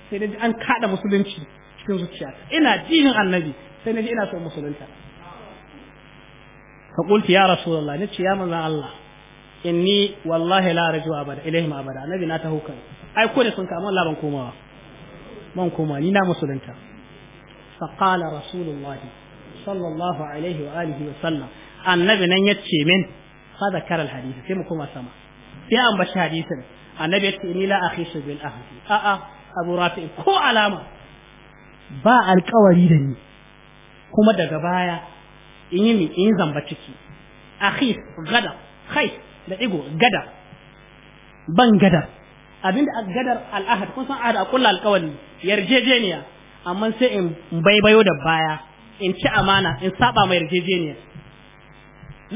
sai da an kada musulunci cikin zuciya ina jinin annabi sai naji ina son musulunta fa qulti ya rasulullah nace ya manzon Allah inni wallahi la rajua abada ilaihim abada annabi na taho kai ai ko da sun kama Allah ban komawa ban koma ni na musulunta fa qala rasulullahi sallallahu alaihi wa alihi wa sallam annabi nan yace min fa zakara alhadith sai mu koma sama sai an bashi hadisin annabi yace ni la akhishu bil ahdi a a abu rafi ko alama ba alƙawari da ni kuma daga baya in yi in zamba ciki akhis gada khais da igo gada ban gada abinda a gadar al'ahad kun san ahad a kulla alkawali yarjejeniya amma sai in baibayo da baya in ci amana in saba mai yarjejeniya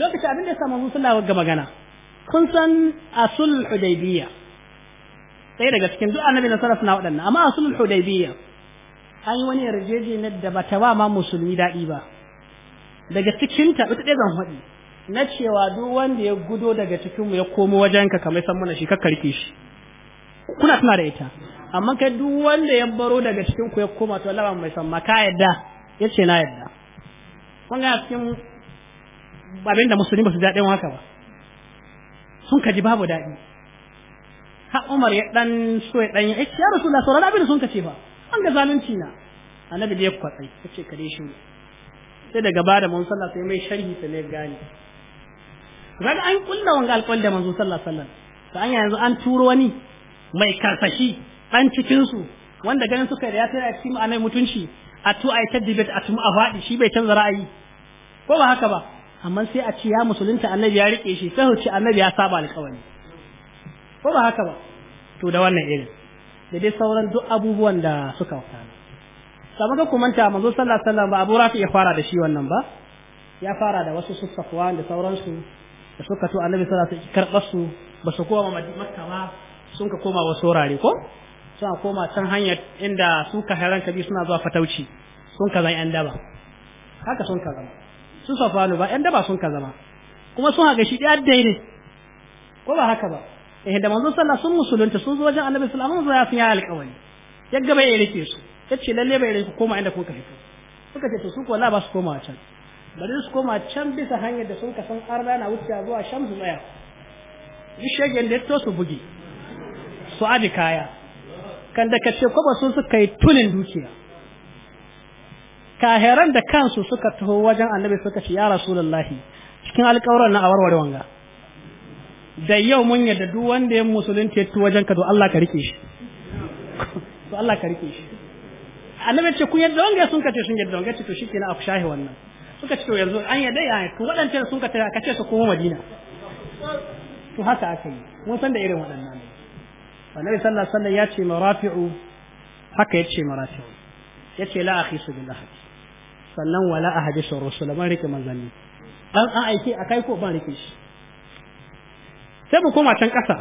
lokacin abinda ya samu suna ga magana kun san a Hudaibiya. hudaybiya sai daga cikin duk annabi na sarrafa na waɗannan amma a Hudaibiya an yi wani yarjejeniyar da ba ta ba ma musulmi daɗi ba daga cikin ta ɗaya zan faɗi na cewa duk wanda ya gudo daga cikinmu ya komo wajenka kamar san mana shi karfe shi kuna tuna da ita amma kai duk wanda ya baro daga cikin ku ya koma to Allah mai san maka yadda yace na yadda kun ga cikin abin da musulmi ba su dadin haka ba sun kaji babu daɗi ha Umar ya dan so ya dan ya ce ya Rasulullah sallallahu alaihi wasallam sun kace ba an ga zalunci na annabi da ya kwatsai yace kare shi sai daga bada mun sallah sai mai sharhi sai ne gane kaga an kulla wanga alƙawari da manzo sallallahu alaihi wasallam to an yanzu an turo wani mai karsashi ɗan cikinsu wanda ganin suka da ya tsaye a cikin ma'anar mutunci a tu a yi ta dibet a tumu a faɗi shi bai canza ra'ayi ko ba haka ba amma sai a ce ya musulunta annabi ya riƙe shi sai ce annabi ya saba alƙawari ko ba haka ba to da wannan irin da dai sauran duk abubuwan da suka wakana sama ga ta manzo sallallahu alaihi wasallam ba Abu Rafi ya fara da shi wannan ba ya fara da wasu sufafwan da sauransu da suka to annabi sallallahu alaihi wasallam karɓar su ba su koma Makka ba sun ka koma wasu wurare ko sun ka koma can hanyar inda su ka haran kabi suna zuwa fatauci sun ka zan yan daba haka sun ka zama su safanu ba yan daba sun ka zama kuma sun haka shi ɗaya ne ko ba haka ba eh da manzon sallah sun musulunta sun zo wajen annabi sallallahu alaihi wasallam sun yi alƙawari ya gaba ya rike su ce lalle bai rike koma inda kuka fito suka ce to su kuwa la ba su koma can bari su koma can bisa hanyar da sun ka san arna na wuce zuwa shamsu tsaya duk shegen da ya to su bugi. su abi kaya kan da kace kuma su suka yi tunin dukiya kaheran da kansu suka taho wajen annabi suka ce ya rasulullahi cikin alƙawarin na awarware wanga da yau mun yadda duk wanda ya musulunta ya wajen ka to Allah ka rike shi to Allah ka rike shi annabi ce kun yadda wanga sun kace sun yadda wanga ce to shikenan aku shahi wannan suka ce to yanzu an yadda ya to wadancan sun kace kace su koma Madina to haka aka yi mun san da irin waɗannan annabi sallallahu alaihi wasallam ya ce marafi'u haka yace marafi'u yace la akhisu bil ahad sannan wala ahadisu rasul ban rike manzanni dan an aiki akai ko ban rike shi sai mu koma can kasa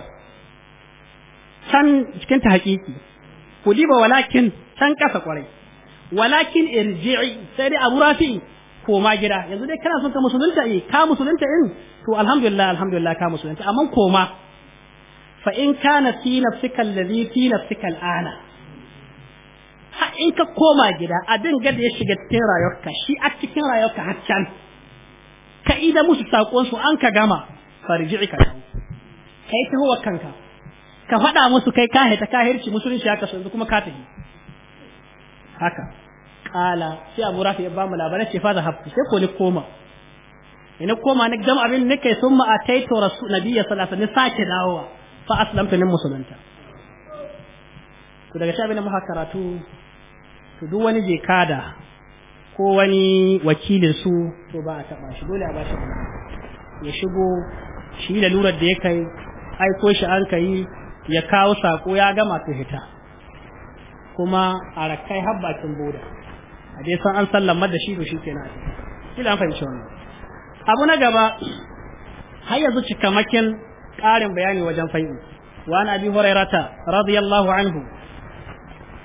can cikin ta hakiki ku diba walakin can kasa kwarai walakin irji'i sai dai abu rafi koma gida yanzu dai kana son ka musulunta eh ka musulunta in to alhamdulillah alhamdulillah ka musulunta amma koma فإن كانت في نفسك الذي في نفسك الآن حقيقة كوما جدا أبين قد يشيك التيرا يوكا شي أكتكين رايوكا حتشان كإذا موسى ساقون سو أنكا جاما فرجعك كيف هو كانكا كفتا موسى كي كاهي تكاهير شي موسى نشيكا سو إذا كما كاته هكا قال شي أبو رافي إبام الأبنى شي فاذا هبكي شي قولي كوما إنه كوما نكجم أبين نكي ثم أتيت رسول نبي صلى الله عليه وسلم ساكي fa aslamta nin musulunta to daga sha muka karatu to duk wani je kada ko wani wakilin su to ba a taba shi dole a ba shi ya shigo shi da lura da ya kai aiko shi an kai ya kawo sako ya gama su hita kuma a rakai har bakin boda a dai san an sallama da shi to shi kenan kila an fahimci wannan abu na gaba har yanzu cikamakin ƙarin bayani wajen fai'i wa an abi hurairata radiyallahu anhu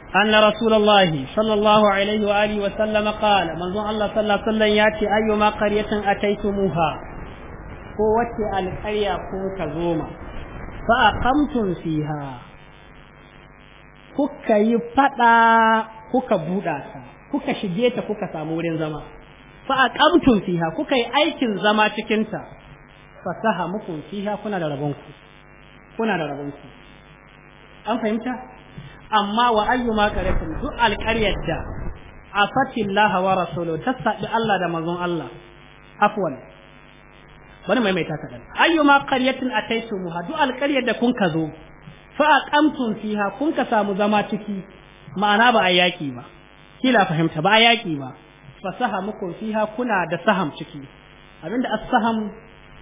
أن رسول الله صلى الله عليه وآله وسلم قال من ظن الله صلى الله عليه وسلم يأتي أيما قرية أتيتموها قوة القرية كوك زوما فأقمتم fiha. kuka yi fada kuka buɗa ta kuka shige ta kuka samu wurin zama fa aqamtum fiha kuka yi aikin zama cikin ta fasaha muku fiha kuna da rabon ku kuna da rabon ku an fahimta amma wa ayyuma qaryatin duk alqaryar da afatillaha wa rasuluhu tasabi Allah da manzon Allah afwan bani mai mai ta kadan ayyuma qaryatin ataitumuha duk alqaryar da kun ka zo fa aqamtum fiha kun ka samu zama ciki ma'ana ba a yaki ba kila fahimta ba a yaki ba fasaha muku fiha kuna da saham ciki abinda as-saham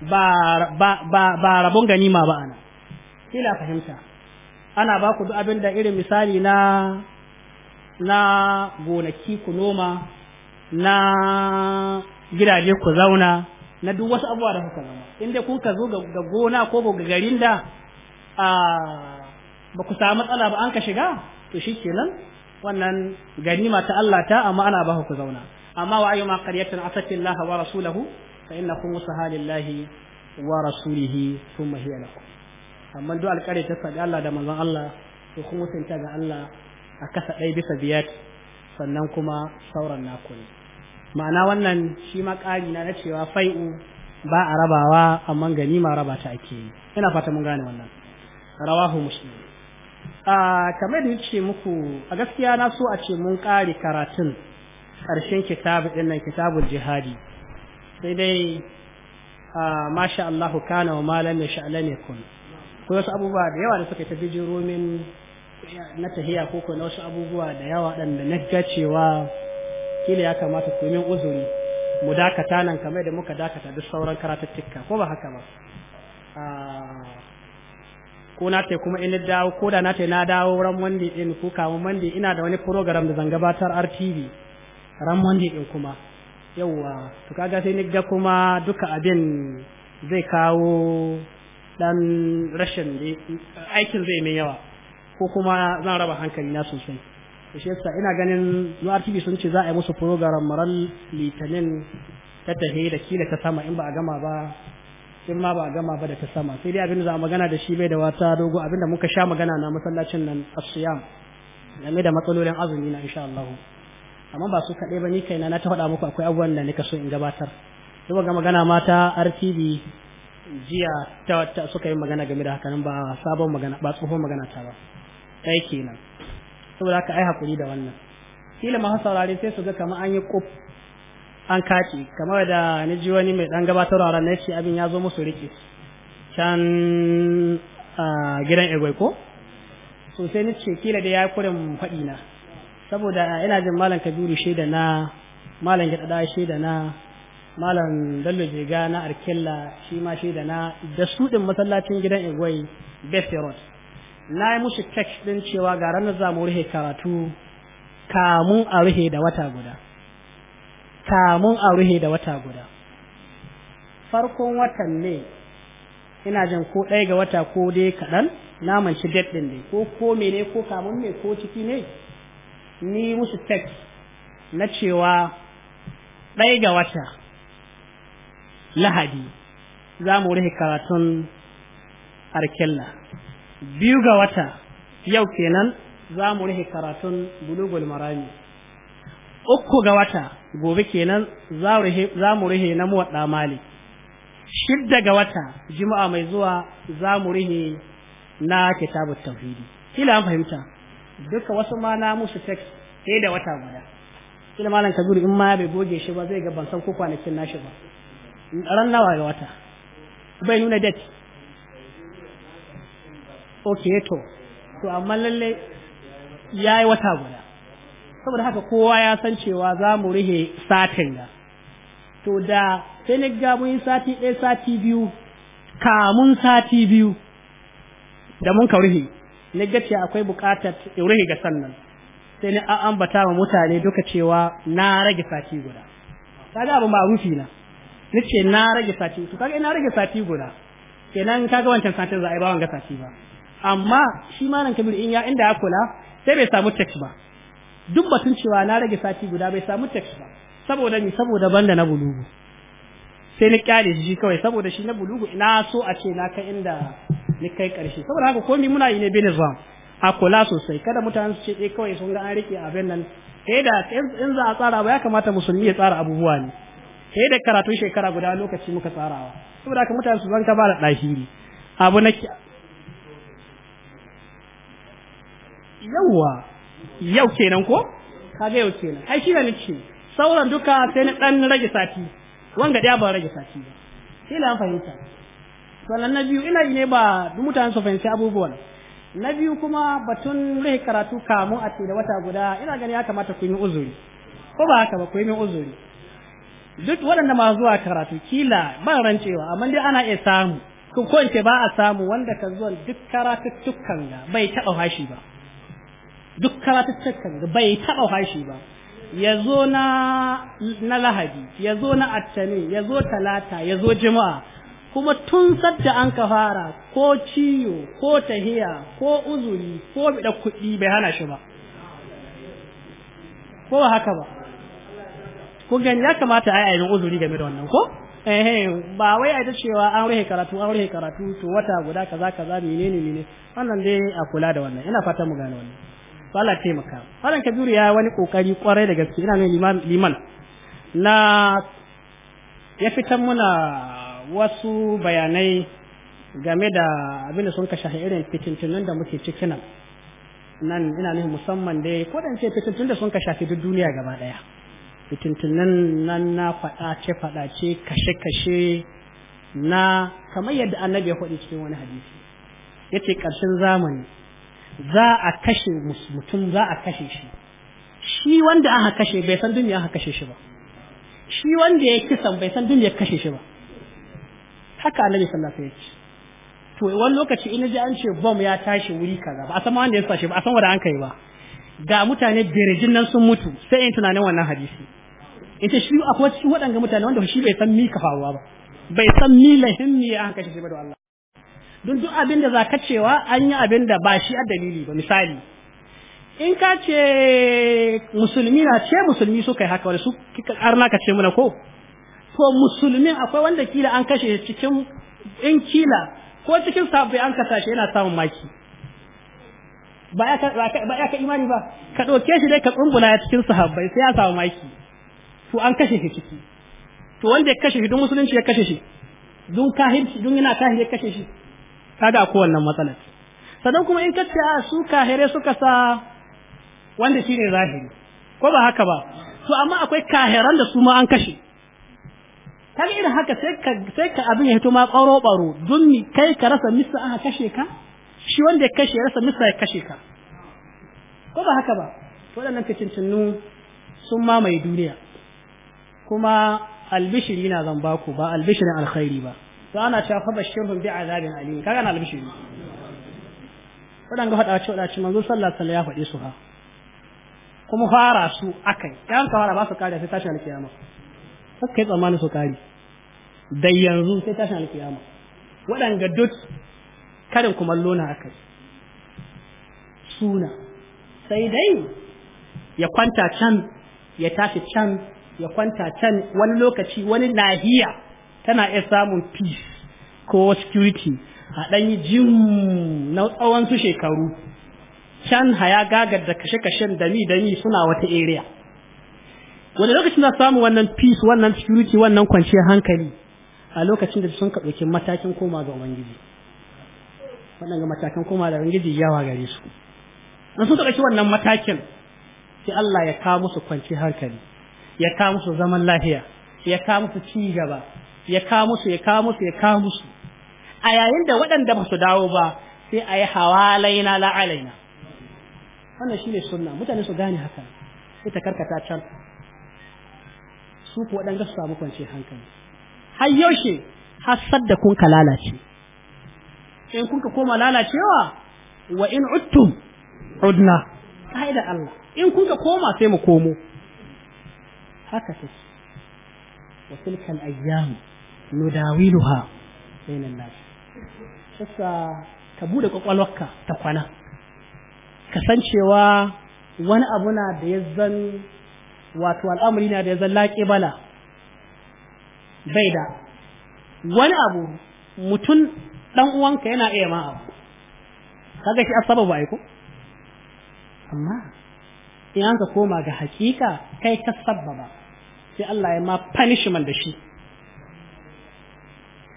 ba rabon ganima ba ana ina fahimta ana ba ku abin da irin misali na na gonaki ku noma na gidaje ku zauna na duk wasu abubuwa da kuka zama inda kun ka zo ga gona ko ga garin da ba ku samu matsala ba an ka shiga to shi kenan wannan ganima ta Allah ta amma ana ba ku zauna amma wa ayyuma qaryatan asatillaha wa rasulahu فإنكم وصها لله ورسوله ثم هي لكم amma duk alƙari ta faɗi Allah da manzon Allah to kuma ga Allah a kasa ɗaya bisa biyar sannan kuma sauran naku ma'ana wannan shi ma ƙari na cewa fai'u ba a rabawa amma ganima raba ta ake yi ina fata mun gane wannan rawahu muslim a kamar da ce muku a gaskiya na so a ce mun kare karatun ƙarshen kitabu ɗin nan jihadi sai dai a masha Allah kana wa malam ya sha'ala ne kun ko wasu abubuwa da yawa da suka ta bijiro min na tahiya ko ko wasu abubuwa da yawa dan da na gacewa cewa kila ya kamata ku yi uzuri mu dakata nan kamar da muka dakata duk sauran karatuttuka ko ba haka ba ko na ce kuma ina dawo ko da na na dawo ran wanda din ko kawo ina da wani program da zan gabatar RTV ran wanda din kuma yawwa to kaga sai ni ga kuma duka abin zai kawo dan rashin aikin zai mai yawa ko kuma zan raba hankali na sosai to shi yasa ina ganin URTB sun ce za a yi musu program maran litinin ta tahe da kila ta sama in ba a gama ba in ma ba a gama ba da ta sama sai dai abin da za a magana da shi bai da wata dogo abin da muka sha magana na masallacin nan asiyam game da matsalolin azumi na insha Allah amma ba su kaɗai ba ni kaina na ta faɗa muku akwai abubuwan da nika so in gabatar duk ga magana mata RTV jiya ta, ta suka yi magana game da hakanan ba sabon magana ba tsohon magana ta ba kai kenan saboda haka ai hakuri da wannan kila ma saurare sai su ga kamar an yi kop an kaci kamar da ni ji wani mai dan gabatarwa ran shi abin ya zo musu rike can a ah, gidan egwai ko so sai ni ce kila da ya kurin faɗi na saboda ina jin malam kabiru shaida na malam gidada shaida na malam dallo jega na arkella shi ma shaida na da su din masallacin gidan igwai bethel na yi musu text din cewa ga ranar za mu rufe karatu kamun a rufe da wata guda kamun a rufe da wata guda farkon watan ne ina jin ko ɗaya ga wata ko dai kaɗan na manci date ne ko ko mene ko kamun ne ko ciki ne ni musu text na cewa ɗaya ga wata lahadi za mu rufe karatun arkella biyu ga wata yau kenan za mu rufe karatun bulugul marami uku ga wata gobe kenan za mu rufe na muwaɗa malik shidda ga wata jima'a mai zuwa za mu rihe na kitabut tauhidi kila an fahimta duka wasu ma na musu sex sai da wata guda kila malam kabiru in ma bai goge shi ba zai ga ban san ko kwanakin nashi ba ran nawa ga wata bai nuna date okay to to amma lalle yayi wata guda saboda haka kowa ya san cewa za mu rihe satin ga to da sai ne ga mun sati ɗaya sati biyu kamun sati biyu da mun ka rihe na gace akwai bukatar iruhi ga sannan sai ni an ambata wa mutane duka cewa na rage sati guda kaga abu rufi na nace na rage sati to kaga na rage sati guda kenan kaga wancan satin za a yi ba wanga sati ba amma shi malam kabir in ya inda ya kula sai bai samu tax ba duk batun cewa na rage sati guda bai samu tax ba saboda ni saboda banda na bulugu sai na kyale shi kawai saboda shi na bulugu na so a ce na kai inda ni kai karshe saboda haka ko ni muna yi ne bin nizam a kula sosai kada mutane su ce eh kawai sun ga an rike abin nan eh da in za a tsara ba ya kamata musulmi ya tsara abubuwa ne eh da karatun shekara guda lokaci muka tsarawa saboda haka mutane su zanka ba da dashiri abu na yawwa yau kenan ko ka ga yau kenan ai shi ne sauran duka sai na dan rage sati wanga da ba rage sati ba sai la fahimta to na biyu ina ne ba mutanen su fahimci abubuwan na biyu kuma batun rai karatu kamu a da wata guda ina gani ya kamata ku yi uzuri ko ba haka ba ku yi min uzuri duk waɗanda ma zuwa karatu kila ba rancewa amma dai ana iya samu ko ce ba a samu wanda ka zuwa duk karatuttukan ga bai taɓa hashi ba duk karatuttukan ga bai taɓa hashi ba ya zo na lahadi ya zo na attane ya zo talata ya zo jima'a kuma tun sadda an ka fara ko ciyo ko tahiya ko uzuri ko bida kuɗi bai hana shi ba ko haka ba kun gani ya kamata a yi uzuri game da wannan ko eh ba wai a cewa an rufe karatu an rufe karatu to wata guda kaza kaza menene menene wannan dai a kula da wannan ina fatan mu gane wannan to Allah taimaka Allah Kabiru ya wani kokari kwarai da gaske ina nan liman liman na ya fitar muna wasu bayanai game da abin da sun kashe irin fitintunan da muke ciki nan nan ina nufin musamman dai ko da ce fitintun da sun kashe duk duniya gaba daya fitintunan nan na faɗace faɗace kashe kashe na kamar yadda annabi ya faɗi cikin wani hadisi yace karshen zamani za a kashe mutum za a kashe shi shi wanda aka kashe bai san duniya aka kashe shi ba shi wanda ya kisan bai san duniya kashe shi ba haka annabi sallallahu alaihi wasallam to wani lokaci in ji an ce bom ya tashi wuri kaza ba a san wanda ya tashi ba a san wanda an kai ba ga mutane birjin nan sun mutu sai in tunanin wannan hadisi in ce shi akwai waɗanga mutane wanda shi bai san mi ka faruwa ba bai san mi lahimmi ya aka kashe shi ba da Allah don duk abin da ka cewa an yi abin da ba shi a dalili ba misali in ka ce musulmi na ce musulmi suka yi haka wani su kika karna ka ce muna ko to musulmin akwai wanda kila an kashe cikin in kila ko cikin sabbi an kasa shi yana samun maki ba ya ka imani ba ka ɗauke shi dai ka tsumbula ya cikin sahabbai sai ya samu maki to an kashe shi ciki to wanda ya kashe shi don musulunci ya kashe shi don kahirci don yana kahiri ya kashe shi kaga akwai wannan matsalar sannan kuma in kace a su kahire suka sa wanda shine zahiri ko ba haka ba to amma akwai kahiran da su ma an kashe kaga irin haka sai ka sai ka abin ya hito ma tsaro baro don kai ka rasa misa aka kashe ka shi wanda ya kashe rasa misa ya kashe ka ko ba haka ba to waɗannan fitintunu sun mamaye duniya kuma albishiri na zan baku ba albishirin alkhairi ba to ana cewa fa bashirhum bi azabin alim kaga na albishiri wadanga fada ce wadace manzo sallallahu alaihi ya faɗi su ha kuma fara su akai dan ka fara ba su kare sai tashin alkiyama sai kai tsammanin su kare da yanzu sai tashin alkiyama wadanga duk karin kumallo na akai suna sai dai ya kwanta can ya tashi can ya kwanta can wani lokaci wani nahiya tana iya samun peace ko security a ɗan yi jim na tsawon su shekaru can haya gagar da kashe-kashen dami dami suna wata area wanda lokacin da samu wannan peace wannan security wannan kwanciyar hankali a lokacin da sun ɗauki matakin koma ga ubangiji waɗanda matakan koma da ubangiji yawa gare su an sun ɗauki wannan matakin sai Allah ya kawo musu kwanciyar hankali ya kawo musu zaman lafiya ya kawo musu ci gaba ya kawo musu ya kawo musu ya kawo musu a yayin da waɗanda ba su dawo ba sai a yi hawalaina la'alaina wannan shine sunna mutane su gane haka sai ta karkata can su ku waɗanda su samu kwanci hankali har yaushe hassad da kun ka lalace in kun ka koma lalacewa wa in uttum udna ka'idar Allah in kun ka koma sai mu komo haka sai wa tilkal ayyamu nudawiluha bainan nas sassa ka bude kwakwalwarka ta kwana kasancewa wani abu na da ya zan wato al'amari na da ya zan laƙe bala bai da wani abu mutum ɗan uwanka yana iya ma abu kaga shi asaba ba aiko amma in an ka koma ga hakika kai ka ba sai Allah ya ma punishment da shi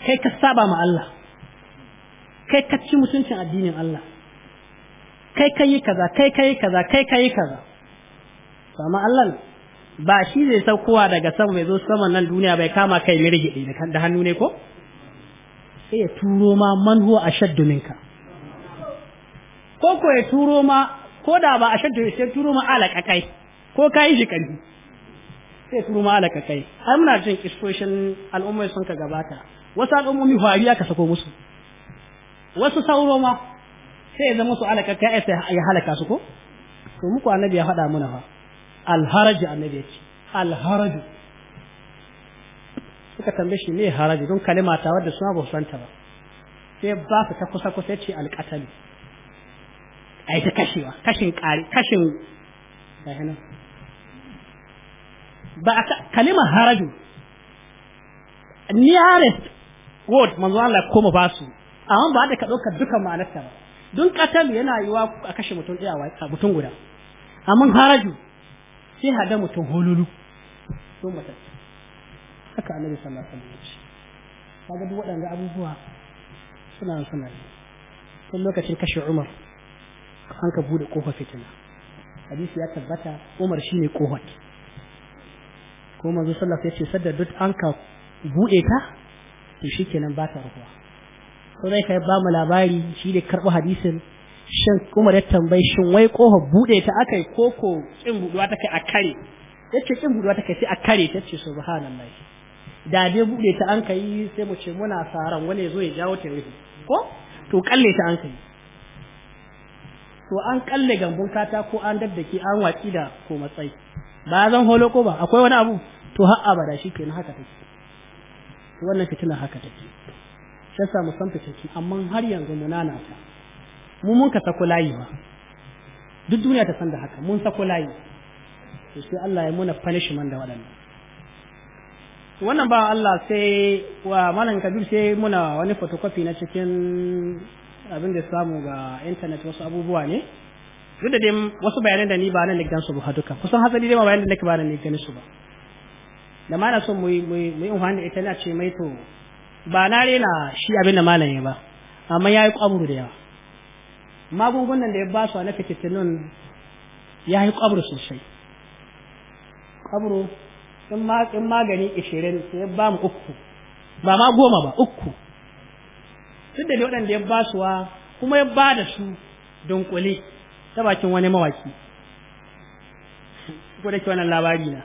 kai ka saba ma Allah kai ka ci mutuncin addinin Allah kai ka yi kaza kai ka yi kaza kai ka yi kaza amma Allah ba shi zai saukowa daga sama mai zo saman nan duniya bai kama kai mirgidi da hannu ne ko sai ya turo ma man huwa ashaddu minka ko ko ya turo ma ko da ba ashaddu sai turo ma alaka kai ko kai shi kanki sai turo ma alaka kai har muna jin kistoshin al'ummai sun ka gabata wasu al'ummomi fariya ka sako musu wasu sauro ma sai ya zama su alaka kai sai ya halaka su ko to muku annabi ya faɗa muna fa alharaji annabi ya ce alharaji suka tambaye shi me haraji don kalima ta wadda suna ba santa ba sai ba su ta kusa kusa ce alƙatali a yi ta kashewa kashin ƙari kashin ba a kalimar haraju nearest word manzo Allah koma ba su amma ba da ka dauka dukan ma'anarta ba dun katal yana yiwa a kashe mutum ɗaya a mutum guda amma haraju sai hada mutum hululu don mata haka annabi sallallahu alaihi wasallam kaga duk waɗanda abubuwa suna suna yi tun lokacin kashe Umar an ka bude kofar fitina hadisi ya tabbata Umar shine kofar ko manzo sallallahu alaihi wasallam ya ce sadda duk an ka bude ta to kenan ba ta rufuwa ko zai kai ba mu labari shi da karɓi hadisin shin kuma da tambayi shin wai koha buɗe ta akai ko ko kin ta kai a kare yace kin ta kai sai a kare ta ce subhanallahi da dai buɗe ta an kai sai mu ce muna saran wani ya zo ya jawo ta rufi ko to kalle ta an kai to an kalle gambun kata ko an daddake an waki da ko matsayi ba zan holo ko ba akwai wani abu to har abada kenan haka take wannan fitina haka take sai sa mu san fitina amma har yanzu mu nana ta mu mun ka sako layi ba duk duniya ta san da haka mun sako layi to sai Allah ya muna punishment da waɗannan wannan ba Allah sai wa malam Kabir sai muna wani photocopy na cikin abin da samu ga internet wasu abubuwa ne duk da dai wasu bayanan da ni ba nan da su ba duka kusan hasali dai ma bayanan da nake ba nan da su ba da mana son mu mu yi wani ita na ce mai to ba na rena shi abin da malami ba amma ya yi kwaburu da yawa magungunan da ya ba su a na fikitinun ya yi kwaburu sosai kwaburu in magani ishirin sai ya ba mu uku ba ma goma ba uku duk da waɗanda ya ba su wa kuma ya ba da su dunkule ta bakin wani mawaki ko da ke wannan labari na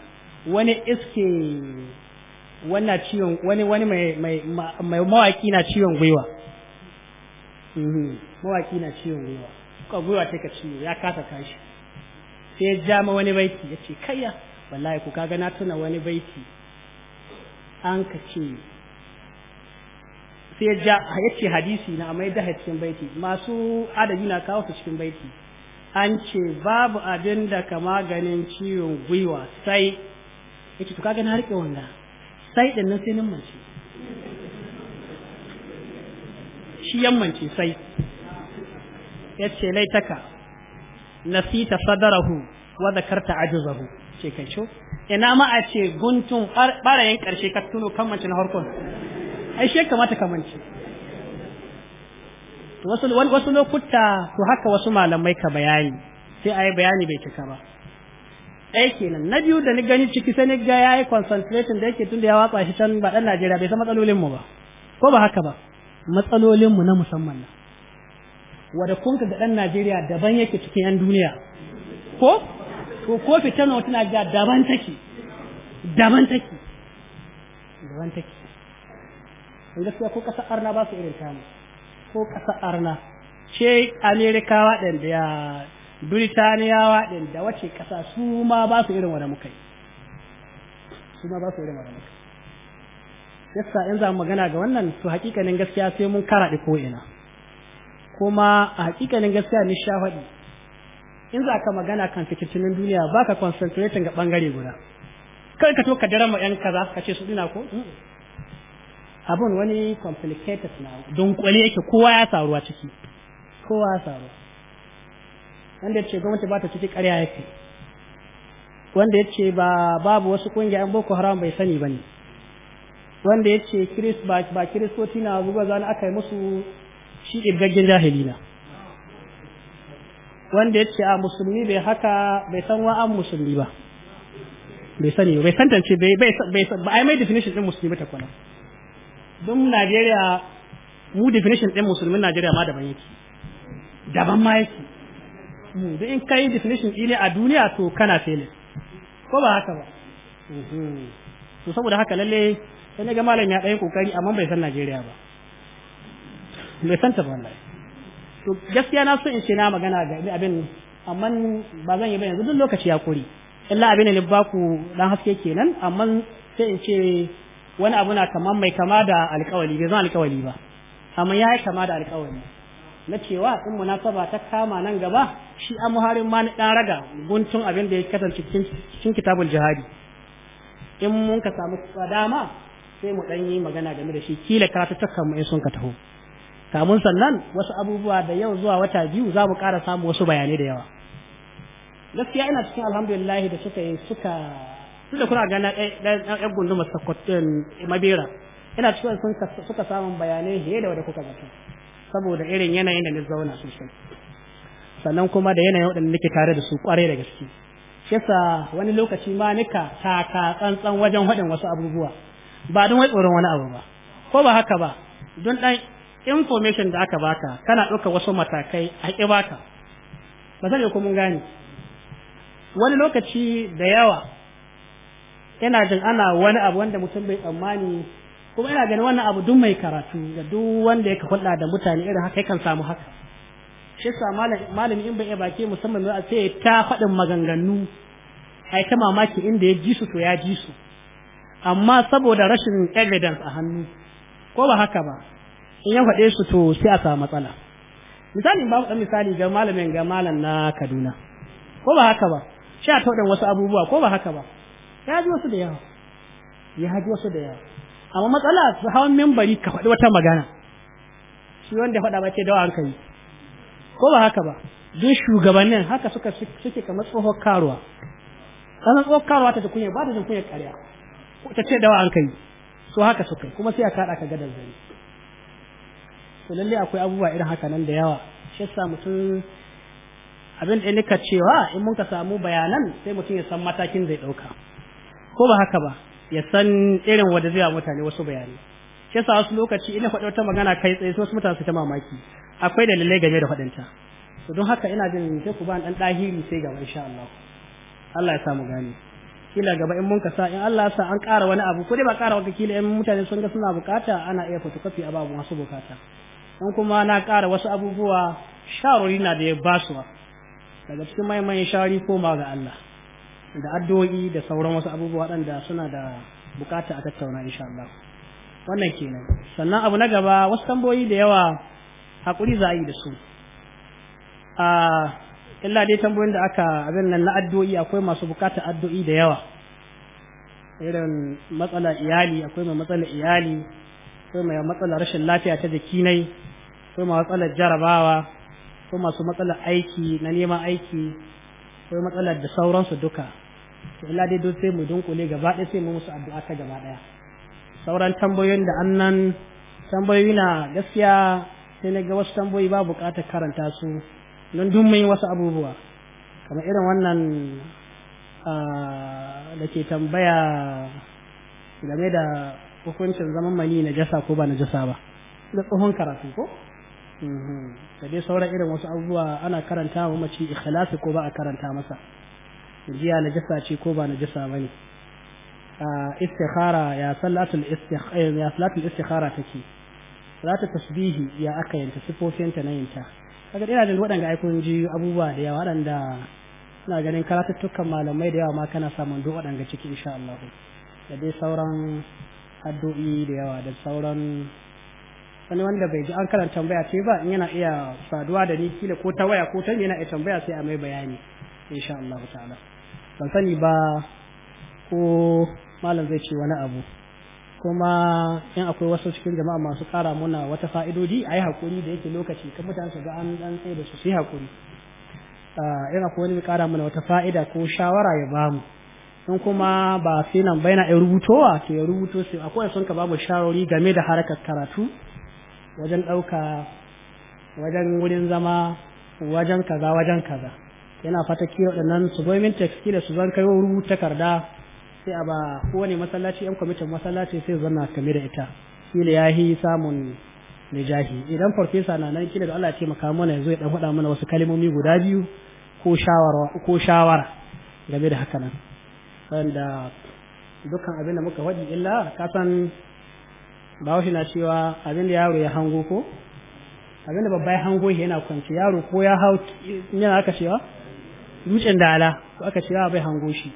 wani iske wannan ciwon wani wani mai mai mai mawaki na ciwon gwiwa mhm. mawaki na ciwon gwiwa ko gwiwa ta ka ciwo ya kasa kashi sai ya ja ma wani baiti ya ce kayya wallahi ku kaga na tuna wani baiti an ka ce sai ya ce hadisi na amai da cikin baiti masu adabi na kawo ta cikin baiti an ce babu abin da kama maganin ciwon gwiwa sai yace to kaga na rike wanga sai din nan sai nan mance shi 'yan mance sai yace laitaka nasita sadarahu wa dhakarta ajzahu ce kai sho ina ma a ce guntun barayin karshe ka tuno kan mance na harkon ai she kamata ka mance wasu lokuta to haka wasu malamai ka bayani sai ayi bayani bai cika ba ɗaya kenan na biyu da ni gani ciki sai ni ga yayi concentration da yake tunda ya watsa shi can ba dan Najeriya bai san matsalolin mu ba ko ba haka ba matsalolin mu na musamman wanda kun ga dan Najeriya daban yake cikin yan duniya ko ko ko na wata na daban take daban take daban take gaskiya ko kasa arna ba su irin tamu ko kasa arna ce Amerikawa ɗin da Birtaniyawa ɗin da wace ƙasa su ma ba su irin wani muka yi su ma ba su irin wani muka yi yasa in za mu magana ga wannan to hakikanin gaskiya sai mun karaɗe ko ina kuma a hakikanin gaskiya ni sha in za ka magana kan fitinin duniya ba ka concentrating ga ɓangare guda kai ka to ka dara ma 'yan kaza ka ce su ɗina ko abun wani complicated na dunkwale yake kowa ya saruwa ciki kowa ya saruwa wanda ya ce gwamnati ba ta ciki ƙarya yake wanda ya ce ba babu wasu kungiyoyin boko haram bai sani ba ne wanda ce kiris ba ba Christoti na buga zan aka yi musu shi ibgaggen jahili na wanda ce a musulmi bai haka bai san wa an musulmi ba bai sani bai santance bai bai ba ai mai definition din musulmi ba ta kwana don Najeriya mu definition din musulmin Najeriya ma daban yake daban ma yake da in kai definition ne a duniya to kana failing ko ba haka ba mhm. to saboda haka lalle sai ga malam ya dai kokari amma bai san Najeriya ba bai san ta ba wallahi to gaskiya na so in ce na magana ga abin amma ba zan yi ba yanzu duk lokaci ya kuri illa abin ne ba ku dan haske kenan amma sai in ce wani abu na kaman mai kama da alƙawari bai zan alƙawari ba amma ya kama da alƙawari na cewa in munasaba ta kama nan gaba shi a muharin ma na dan raga guntun abin da ya kasance cikin kitabul jihadi in mun ka samu dama sai mu dan yi magana game da shi kila karatu ta kama in sun ka taho kamun sannan wasu abubuwa da yau zuwa wata biyu za mu ƙara samu wasu bayanai da yawa gaskiya ina cikin alhamdulillah da suka yi suka tun da kuna gana ɗan gunduma sakwatin mabera ina cikin suka samun bayanai fiye da wadda kuka zata saboda irin yanayin da na zauna sosai sannan kuma da yanayin waɗanda nake tare da su kwarai da gaske yasa wani lokaci ma nika taka tsantsan wajen haɗin wasu abubuwa ba don wai tsoron wani abu ba ko ba haka ba don ɗan information da aka baka kana ɗauka wasu matakai a ƙi baka ba zan ko mun gane wani lokaci da yawa ina jin ana wani abu wanda mutum bai tsammani kuma ina ganin wannan abu duk mai karatu da duk wanda yake hulɗa da mutane irin haka yakan samu haka shi sa malami in bai iya baki musamman a sai ta faɗin maganganu ai ta mamaki inda ya ji su to ya ji su amma saboda rashin evidence a hannu ko ba haka ba in ya faɗe su to sai a samu matsala misali ba mu misali ga malamin ga malam na Kaduna ko ba haka ba sha ta wasu abubuwa ko ba haka ba ya ji wasu da yawa ya ji wasu da yawa amma matsala su hawan membari ka faɗi wata magana shi wanda faɗa ba ce dawa an kai ko ba haka ba duk shugabannin haka suka suke kamar tsohon karuwa kana tsohon karuwa ta kunya ba ta jin kunya ƙarya ko ta ce dawa an kai so haka suka kuma sai a kaɗa ka gadar zani to lalle akwai abubuwa irin haka nan da yawa shi yasa mutum abin da nika cewa in mun ka samu bayanan sai mutum ya san matakin zai ɗauka ko ba haka ba ya san irin wanda zai mutane wasu bayani. shi yasa wasu lokaci ina faɗa wata magana kai tsaye wasu mutane su ta mamaki akwai dalilai game da faɗinta to don haka ina jin sai ku ba dan dahiri sai gaba insha Allah Allah ya samu gane kila gaba in mun kasa in Allah sa an ƙara wani abu ko dai ba ƙara wata kila in mutane sun ga suna bukata ana iya kafi a babu masu bukata in kuma na ƙara wasu abubuwa shawarwari na da ya basuwa daga cikin maimayin shawari koma ga Allah da addu'o'i da sauran wasu abubuwa waɗanda suna da bukata a tattauna insha Allah wannan kenan sannan abu na gaba wasu tamboyi da yawa hakuri za a yi da su a illa dai tambayoyin da aka abin nan na addu'o'i akwai masu bukata addu'o'i da yawa irin matsala iyali akwai mai matsala iyali akwai mai matsala rashin lafiya ta jiki nai akwai mai matsalar jarabawa akwai masu matsalar aiki na neman aiki akwai matsalar da sauransu duka to Allah dai sai mu dunkule gaba ɗaya sai mu musu addu'a ta gaba ɗaya sauran tambayoyin da annan tambayoyi na gaskiya sai na ga wasu tambayoyi ba buƙatar karanta su don duk mun yi wasu abubuwa kamar irin wannan da ke tambaya game da hukuncin zaman mani na jasa ko ba na jasa ba da tsohon karatu ko mhm. da dai sauran irin wasu abubuwa ana karanta wa mace ikhlasi ko ba a karanta masa Jiya na jasa ce ko ba na jasa ne bane istikhara ya salatul istikhara eh, ya salatul istikhara take ta tasbihi ya aka yanta sifofinta na yinta kaga ina da ai kun ji abubuwa da yawa wadanda ina ganin karatuttukan malamai da yawa ma kana samun duk wadanda ciki insha Allah da dai sauran addu'i da yawa da sauran wani wanda bai ji an karanta tambaya ce ba in yana iya saduwa da ni kila ko ta waya ko ta yana iya tambaya sai a mai bayani insha Allah ta'ala ban sani ba ko malam zai ce wani abu kuma in akwai wasu cikin jama'a masu kara muna wata fa'idodi a yi haƙuri da yake lokaci kan mutane su ga an dan tsaye da su su yi haƙuri ah, in akwai wani kara muna wata fa'ida ko shawara ya bamu in kuma ba sai nan bai na ya rubutowa to ya rubuto sai akwai sun ka mu shawarori game da harkar karatu wajen ɗauka wajen wurin zama wajen kaza wajen kaza yana fata kira waɗannan su goyi min text kila su zan kai rubuta takarda sai a ba kowane masallaci yan kwamitin masallaci sai zanna kame da ita kila ya yi samun nijahi idan farfesa na nan kila da Allah ya taimaka mana yanzu ya dan faɗa mana wasu kalmomi guda biyu ko shawara ko shawara game da haka nan wanda dukkan abin da muka faɗi illa ka san bawashi na cewa abin da yaro ya hango ko abin da babba ya hango yana kwanci yaro ko ya hau yana aka cewa dutsen dala ko aka ce bai hango shi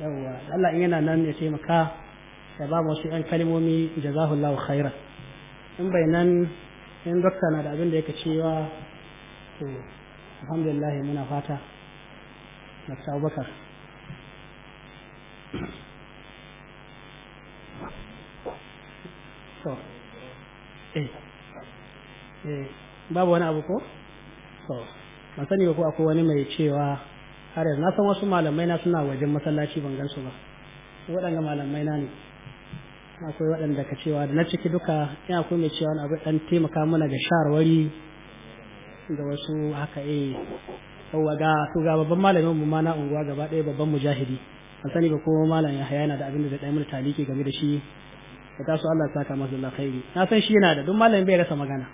yawwa Allah in yana nan ya taimaka ya ba wasu yan kalmomi jazahullahu khaira in bai nan in dokta na da abin da yake cewa to alhamdulillah muna fata na Abubakar to eh eh babu wani abu ko to ban sani ko akwai wani mai cewa har yanzu na san wasu malamai na suna wajen masallaci ban gansu ba waɗanda malamai na ne akwai waɗanda ka cewa da na ciki duka ina akwai mai cewa abu ɗan taimaka mana ga sharwari da wasu haka eh yawwa ga su ga babban malamin mu ma na unguwa gaba ɗaya babban mujahidi an sani ba kuma malamin Yahaya yana da abin da zai mana taliki game da shi da su Allah ya saka masa alkhairi na san shi yana da duk malamin bai rasa magana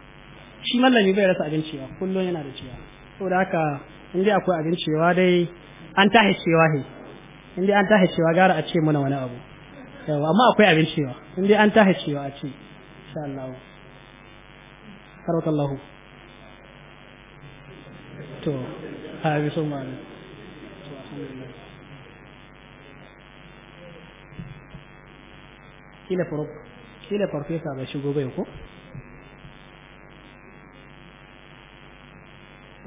shi malami bai rasa abin cewa kullum yana da cewa saboda haka in akwai abin cewa dai an tahi cewa he in dai an tahi cewa gara a ce mana wani abu yawa amma akwai abin cewa in dai an tahi cewa a ce insha Allah karokallahu to ha bi so ma to alhamdulillah kila pro kila farfesa ba shigo bai ko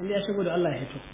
in ya shigo da Allah ya hito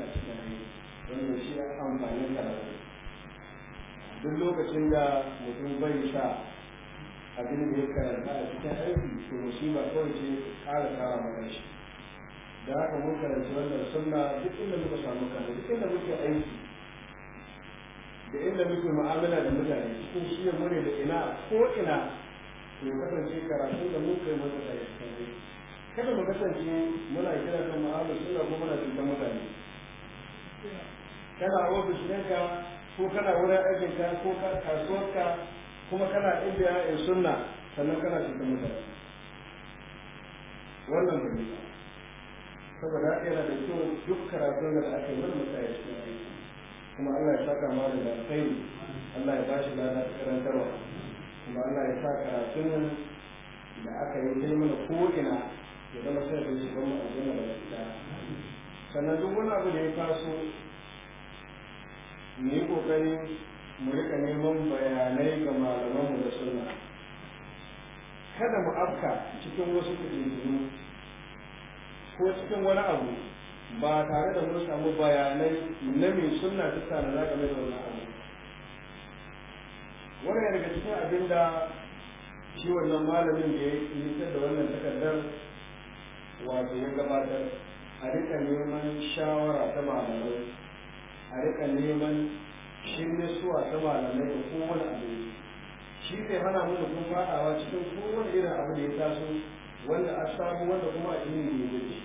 amfani da duk lokacin da mutum bai sha abin da ya karanta a cikin aiki to ba kawai ce ƙara kara mana shi da haka mun karanci wannan sunna duk inda muka samu kanmu duk inda muke aiki da inda muke mu'amala da mutane cikin shi ya mure da ina ko ina to ya kasance karatu da mun kai masa da shi. kada mu kasance muna kira kan mu'amala suna ko muna cikin mutane kana ofis ofishinka ko kana wurin aikinka ko kasuwarka kuma kana indiya ya sunna sannan kana cikin mutane wannan gari saboda haka yana da kyau duk karatun da aka yi wani mutane cikin aiki kuma Allah ya saka ma da alkhairi Allah ya bashi lana karantarwa kuma Allah ya saka karatun da aka yi dai ko'ina ya zama sai da shi gama aljanna da ita sannan duk wani abu da ya taso mu yi kokari mu rika neman bayanai ga malaman mu da suna, kada mu afka cikin wasu kujiru ko cikin wani abu ba tare da mun samu bayanai na mai sunna ta tsanana game da wani abu Wani daga cikin abin da shi wannan malamin da ya yi da wannan takardar wato ya gabatar a rika neman shawara ta malamai a rika neman ne suwa ta malamai da kowane abu shi zai hana mu kun kuma faɗawa cikin kowane irin abu da ya taso wanda a samu wanda kuma a ilimin da ya gudu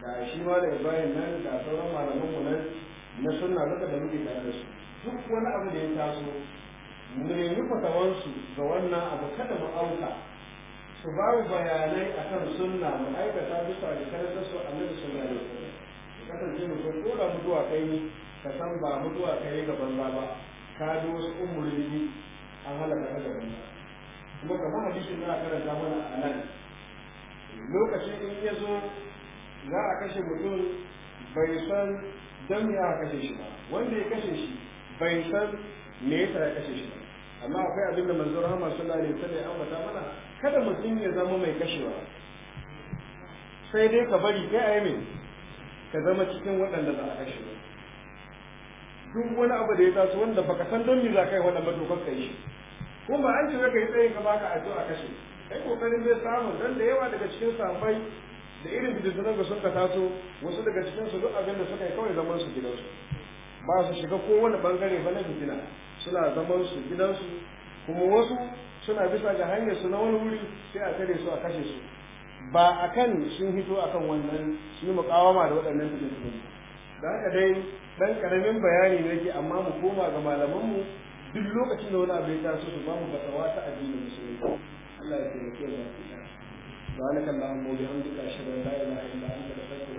da shi ma da bayan nan da sauran malaman mu nan na sunna duka da muke tare da su duk wani abu da ya taso mu nemi fatawansu ga wannan abu kada mu auka su ba bayanai akan sunna mu aikata bisa da karantar su annabi sallallahu alaihi wasallam kasance mutum ko da mutuwa kai ne, ka san ba mutuwa kai ga banza ba ka ji wasu umurni an halaka ka gaban kuma kamar hadisin za a karanta mana a nan lokacin in ya zo za a kashe mutum bai san dan ya kashe shi ba wanda ya kashe shi bai san me yasa ya kashe shi ba amma akwai abin da manzo rahama sallallahu alaihi wasallam ya ambata mana kada mutum ya zama mai kashewa sai dai ka bari kai ayi ka zama cikin waɗanda za a kashe duk wani abu da ya taso wanda baka san don me za ka yi wannan madokar ka yi ko ba an ce ka yi tsayin ka baka a kashe kai kokarin zai samu dan da yawa daga cikin sabai da irin ga sun ka taso wasu daga cikin su duk abin da suka yi kawai zaman su gidansu ba su shiga kowane bangare ba na fitina suna zaman su gidansu kuma wasu suna bisa ga hanyar su na wani wuri sai a tare su a kashe su ba akan sun hito akan wannan su muƙawama da waɗannan fitintunan da haka dai ɗan karamin bayani ne ke amma mu koma ga malamanmu duk lokacin da wani abu ya taso su ba mu fatawa ta addinin musulunci Allah ya taimake mu da haka Allahumma wa bihamdika ashhadu an la ilaha illa anta astaghfiruka